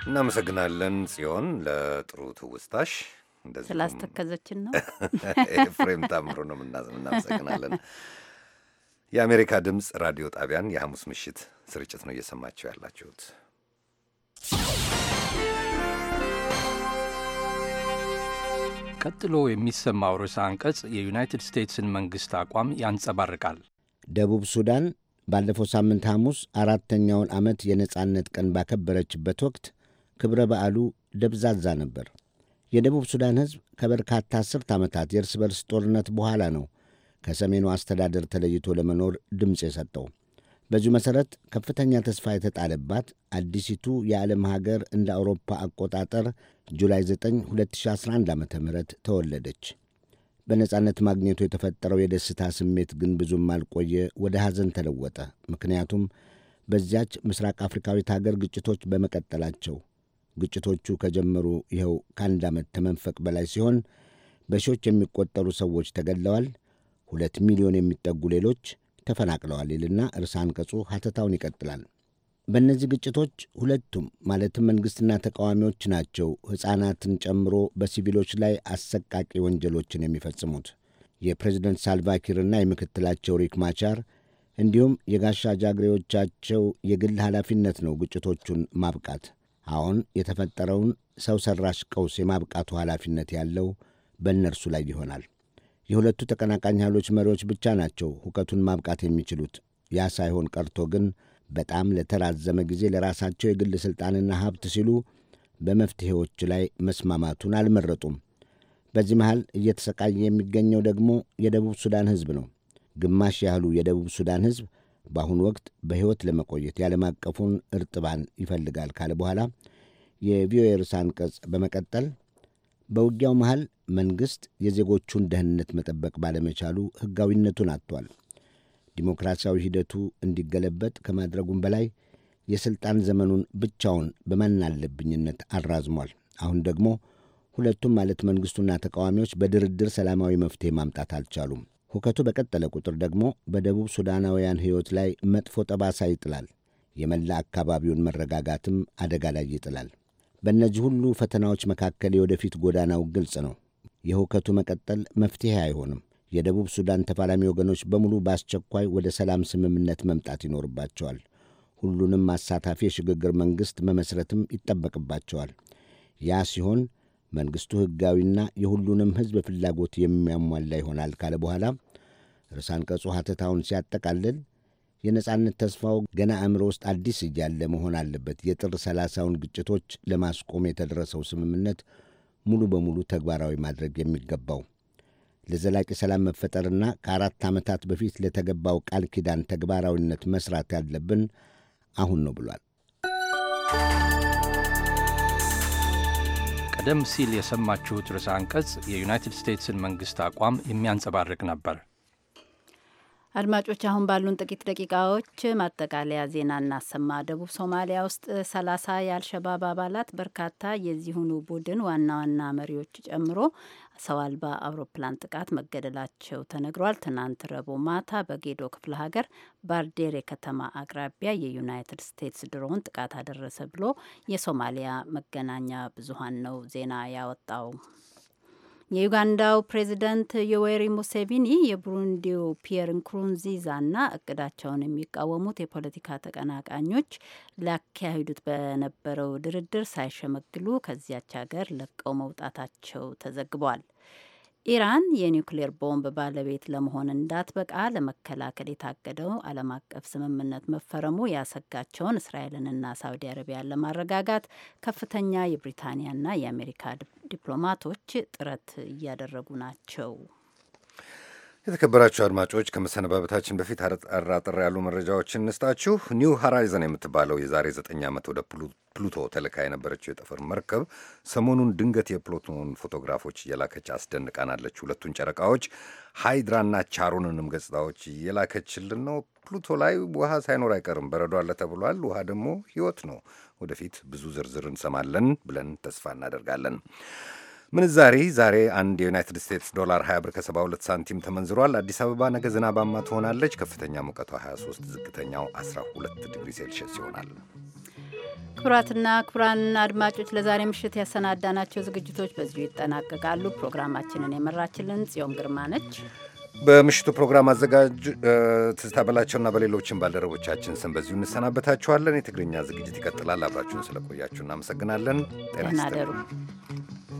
እናመሰግናለን ጽዮን ለጥሩ ትውስታሽ። ስላስተከዘችን ነው። ኤፍሬም ታምሩ ነው። እናመሰግናለን። የአሜሪካ ድምፅ ራዲዮ ጣቢያን የሐሙስ ምሽት ስርጭት ነው እየሰማችሁ ያላችሁት። ቀጥሎ የሚሰማው ርዕሰ አንቀጽ የዩናይትድ ስቴትስን መንግሥት አቋም ያንጸባርቃል። ደቡብ ሱዳን ባለፈው ሳምንት ሐሙስ አራተኛውን ዓመት የነጻነት ቀን ባከበረችበት ወቅት ክብረ በዓሉ ደብዛዛ ነበር። የደቡብ ሱዳን ሕዝብ ከበርካታ አስርት ዓመታት የእርስ በርስ ጦርነት በኋላ ነው ከሰሜኑ አስተዳደር ተለይቶ ለመኖር ድምፅ የሰጠው። በዚሁ መሠረት ከፍተኛ ተስፋ የተጣለባት አዲሲቱ የዓለም ሀገር እንደ አውሮፓ አቆጣጠር ጁላይ 9 2011 ዓ ም ተወለደች። በነጻነት ማግኘቱ የተፈጠረው የደስታ ስሜት ግን ብዙም አልቆየ፣ ወደ ሐዘን ተለወጠ። ምክንያቱም በዚያች ምስራቅ አፍሪካዊት ሀገር ግጭቶች በመቀጠላቸው ግጭቶቹ ከጀመሩ ይኸው ከአንድ ዓመት ተመንፈቅ በላይ ሲሆን በሺዎች የሚቆጠሩ ሰዎች ተገድለዋል፣ ሁለት ሚሊዮን የሚጠጉ ሌሎች ተፈናቅለዋል ይልና እርሳ አንቀጹ ሐተታውን ይቀጥላል። በእነዚህ ግጭቶች ሁለቱም ማለትም መንግሥትና ተቃዋሚዎች ናቸው ሕፃናትን ጨምሮ በሲቪሎች ላይ አሰቃቂ ወንጀሎችን የሚፈጽሙት። የፕሬዝደንት ሳልቫኪርና የምክትላቸው ሪክ ማቻር እንዲሁም የጋሻ ጃግሬዎቻቸው የግል ኃላፊነት ነው ግጭቶቹን ማብቃት። አሁን የተፈጠረውን ሰው ሰራሽ ቀውስ የማብቃቱ ኃላፊነት ያለው በእነርሱ ላይ ይሆናል። የሁለቱ ተቀናቃኝ ኃይሎች መሪዎች ብቻ ናቸው ሁከቱን ማብቃት የሚችሉት። ያ ሳይሆን ቀርቶ ግን በጣም ለተራዘመ ጊዜ ለራሳቸው የግል ሥልጣንና ሀብት ሲሉ በመፍትሔዎች ላይ መስማማቱን አልመረጡም። በዚህ መሃል እየተሰቃየ የሚገኘው ደግሞ የደቡብ ሱዳን ሕዝብ ነው። ግማሽ ያህሉ የደቡብ ሱዳን ሕዝብ በአሁኑ ወቅት በሕይወት ለመቆየት የዓለም አቀፉን እርጥባን ይፈልጋል ካለ በኋላ የቪኦኤ ርዕሰ አንቀጽ በመቀጠል በውጊያው መሃል መንግሥት የዜጎቹን ደህንነት መጠበቅ ባለመቻሉ ሕጋዊነቱን አጥቷል። ዲሞክራሲያዊ ሂደቱ እንዲገለበጥ ከማድረጉም በላይ የሥልጣን ዘመኑን ብቻውን በማናለብኝነት አራዝሟል። አሁን ደግሞ ሁለቱም ማለት መንግሥቱና ተቃዋሚዎች በድርድር ሰላማዊ መፍትሔ ማምጣት አልቻሉም። ሁከቱ በቀጠለ ቁጥር ደግሞ በደቡብ ሱዳናውያን ሕይወት ላይ መጥፎ ጠባሳ ይጥላል። የመላ አካባቢውን መረጋጋትም አደጋ ላይ ይጥላል። በእነዚህ ሁሉ ፈተናዎች መካከል የወደፊት ጎዳናው ግልጽ ነው። የሁከቱ መቀጠል መፍትሄ አይሆንም። የደቡብ ሱዳን ተፋላሚ ወገኖች በሙሉ በአስቸኳይ ወደ ሰላም ስምምነት መምጣት ይኖርባቸዋል። ሁሉንም አሳታፊ የሽግግር መንግሥት መመስረትም ይጠበቅባቸዋል። ያ ሲሆን መንግሥቱ ሕጋዊና የሁሉንም ሕዝብ ፍላጎት የሚያሟላ ይሆናል ካለ በኋላ ርዕሰ አንቀጹ ሐተታውን ሲያጠቃልል የነጻነት ተስፋው ገና አእምሮ ውስጥ አዲስ እያለ መሆን አለበት። የጥር ሰላሳውን ግጭቶች ለማስቆም የተደረሰው ስምምነት ሙሉ በሙሉ ተግባራዊ ማድረግ የሚገባው ለዘላቂ ሰላም መፈጠርና ከአራት ዓመታት በፊት ለተገባው ቃል ኪዳን ተግባራዊነት መስራት ያለብን አሁን ነው ብሏል። ቀደም ሲል የሰማችሁት ርዕሰ አንቀጽ የዩናይትድ ስቴትስን መንግስት አቋም የሚያንጸባርቅ ነበር። አድማጮች፣ አሁን ባሉን ጥቂት ደቂቃዎች ማጠቃለያ ዜና እናሰማ። ደቡብ ሶማሊያ ውስጥ ሰላሳ የአልሸባብ አባላት በርካታ የዚሁኑ ቡድን ዋና ዋና መሪዎች ጨምሮ ሰው አልባ አውሮፕላን ጥቃት መገደላቸው ተነግሯል። ትናንት ረቡዕ ማታ በጌዶ ክፍለ ሀገር ባርዴሬ ከተማ አቅራቢያ የዩናይትድ ስቴትስ ድሮን ጥቃት አደረሰ ብሎ የሶማሊያ መገናኛ ብዙኃን ነው ዜና ያወጣው። የዩጋንዳው ፕሬዚደንት ዮዌሪ ሙሴቪኒ የቡሩንዲው ፒየር ንኩሩንዚዛና እቅዳቸውን የሚቃወሙት የፖለቲካ ተቀናቃኞች ሊያካሂዱት በነበረው ድርድር ሳይሸመግሉ ከዚያች ሀገር ለቀው መውጣታቸው ተዘግቧል። ኢራን የኒውክሌር ቦምብ ባለቤት ለመሆን እንዳትበቃ ለመከላከል የታገደው ዓለም አቀፍ ስምምነት መፈረሙ ያሰጋቸውን እስራኤልንና ሳውዲ አረቢያን ለማረጋጋት ከፍተኛ የብሪታንያና የአሜሪካ ዲፕሎማቶች ጥረት እያደረጉ ናቸው። የተከበራችሁ አድማጮች ከመሰነባበታችን በፊት አጠር ያሉ መረጃዎችን እንስጣችሁ። ኒው ሆራይዘን የምትባለው የዛሬ ዘጠኝ ዓመት ወደ ፕሉቶ ተልካ የነበረችው የጠፈር መርከብ ሰሞኑን ድንገት የፕሉቶን ፎቶግራፎች እየላከች አስደንቃናለች። ሁለቱን ጨረቃዎች ሃይድራና ቻሮንንም ገጽታዎች እየላከችልን ነው። ፕሉቶ ላይ ውሃ ሳይኖር አይቀርም፣ በረዶ አለ ተብሏል። ውሃ ደግሞ ህይወት ነው። ወደፊት ብዙ ዝርዝር እንሰማለን ብለን ተስፋ እናደርጋለን። ምንዛሪ ዛሬ አንድ የዩናይትድ ስቴትስ ዶላር 20 ብር ከ72 ሳንቲም ተመንዝሯል። አዲስ አበባ ነገ ዝናባማ ትሆናለች። ከፍተኛ ሙቀቷ 23፣ ዝቅተኛው 12 ዲግሪ ሴልሽስ ይሆናል። ክቡራትና ክቡራን አድማጮች ለዛሬ ምሽት ያሰናዳናቸው ዝግጅቶች በዚሁ ይጠናቀቃሉ። ፕሮግራማችንን የመራችልን ጽዮን ግርማ ነች። በምሽቱ ፕሮግራም አዘጋጅ ትዝታ በላቸውና በሌሎችን ባልደረቦቻችን ስም በዚሁ እንሰናበታችኋለን። የትግርኛ ዝግጅት ይቀጥላል። አብራችሁን ስለቆያችሁ እናመሰግናለን። ጤና ይስጥልኝ።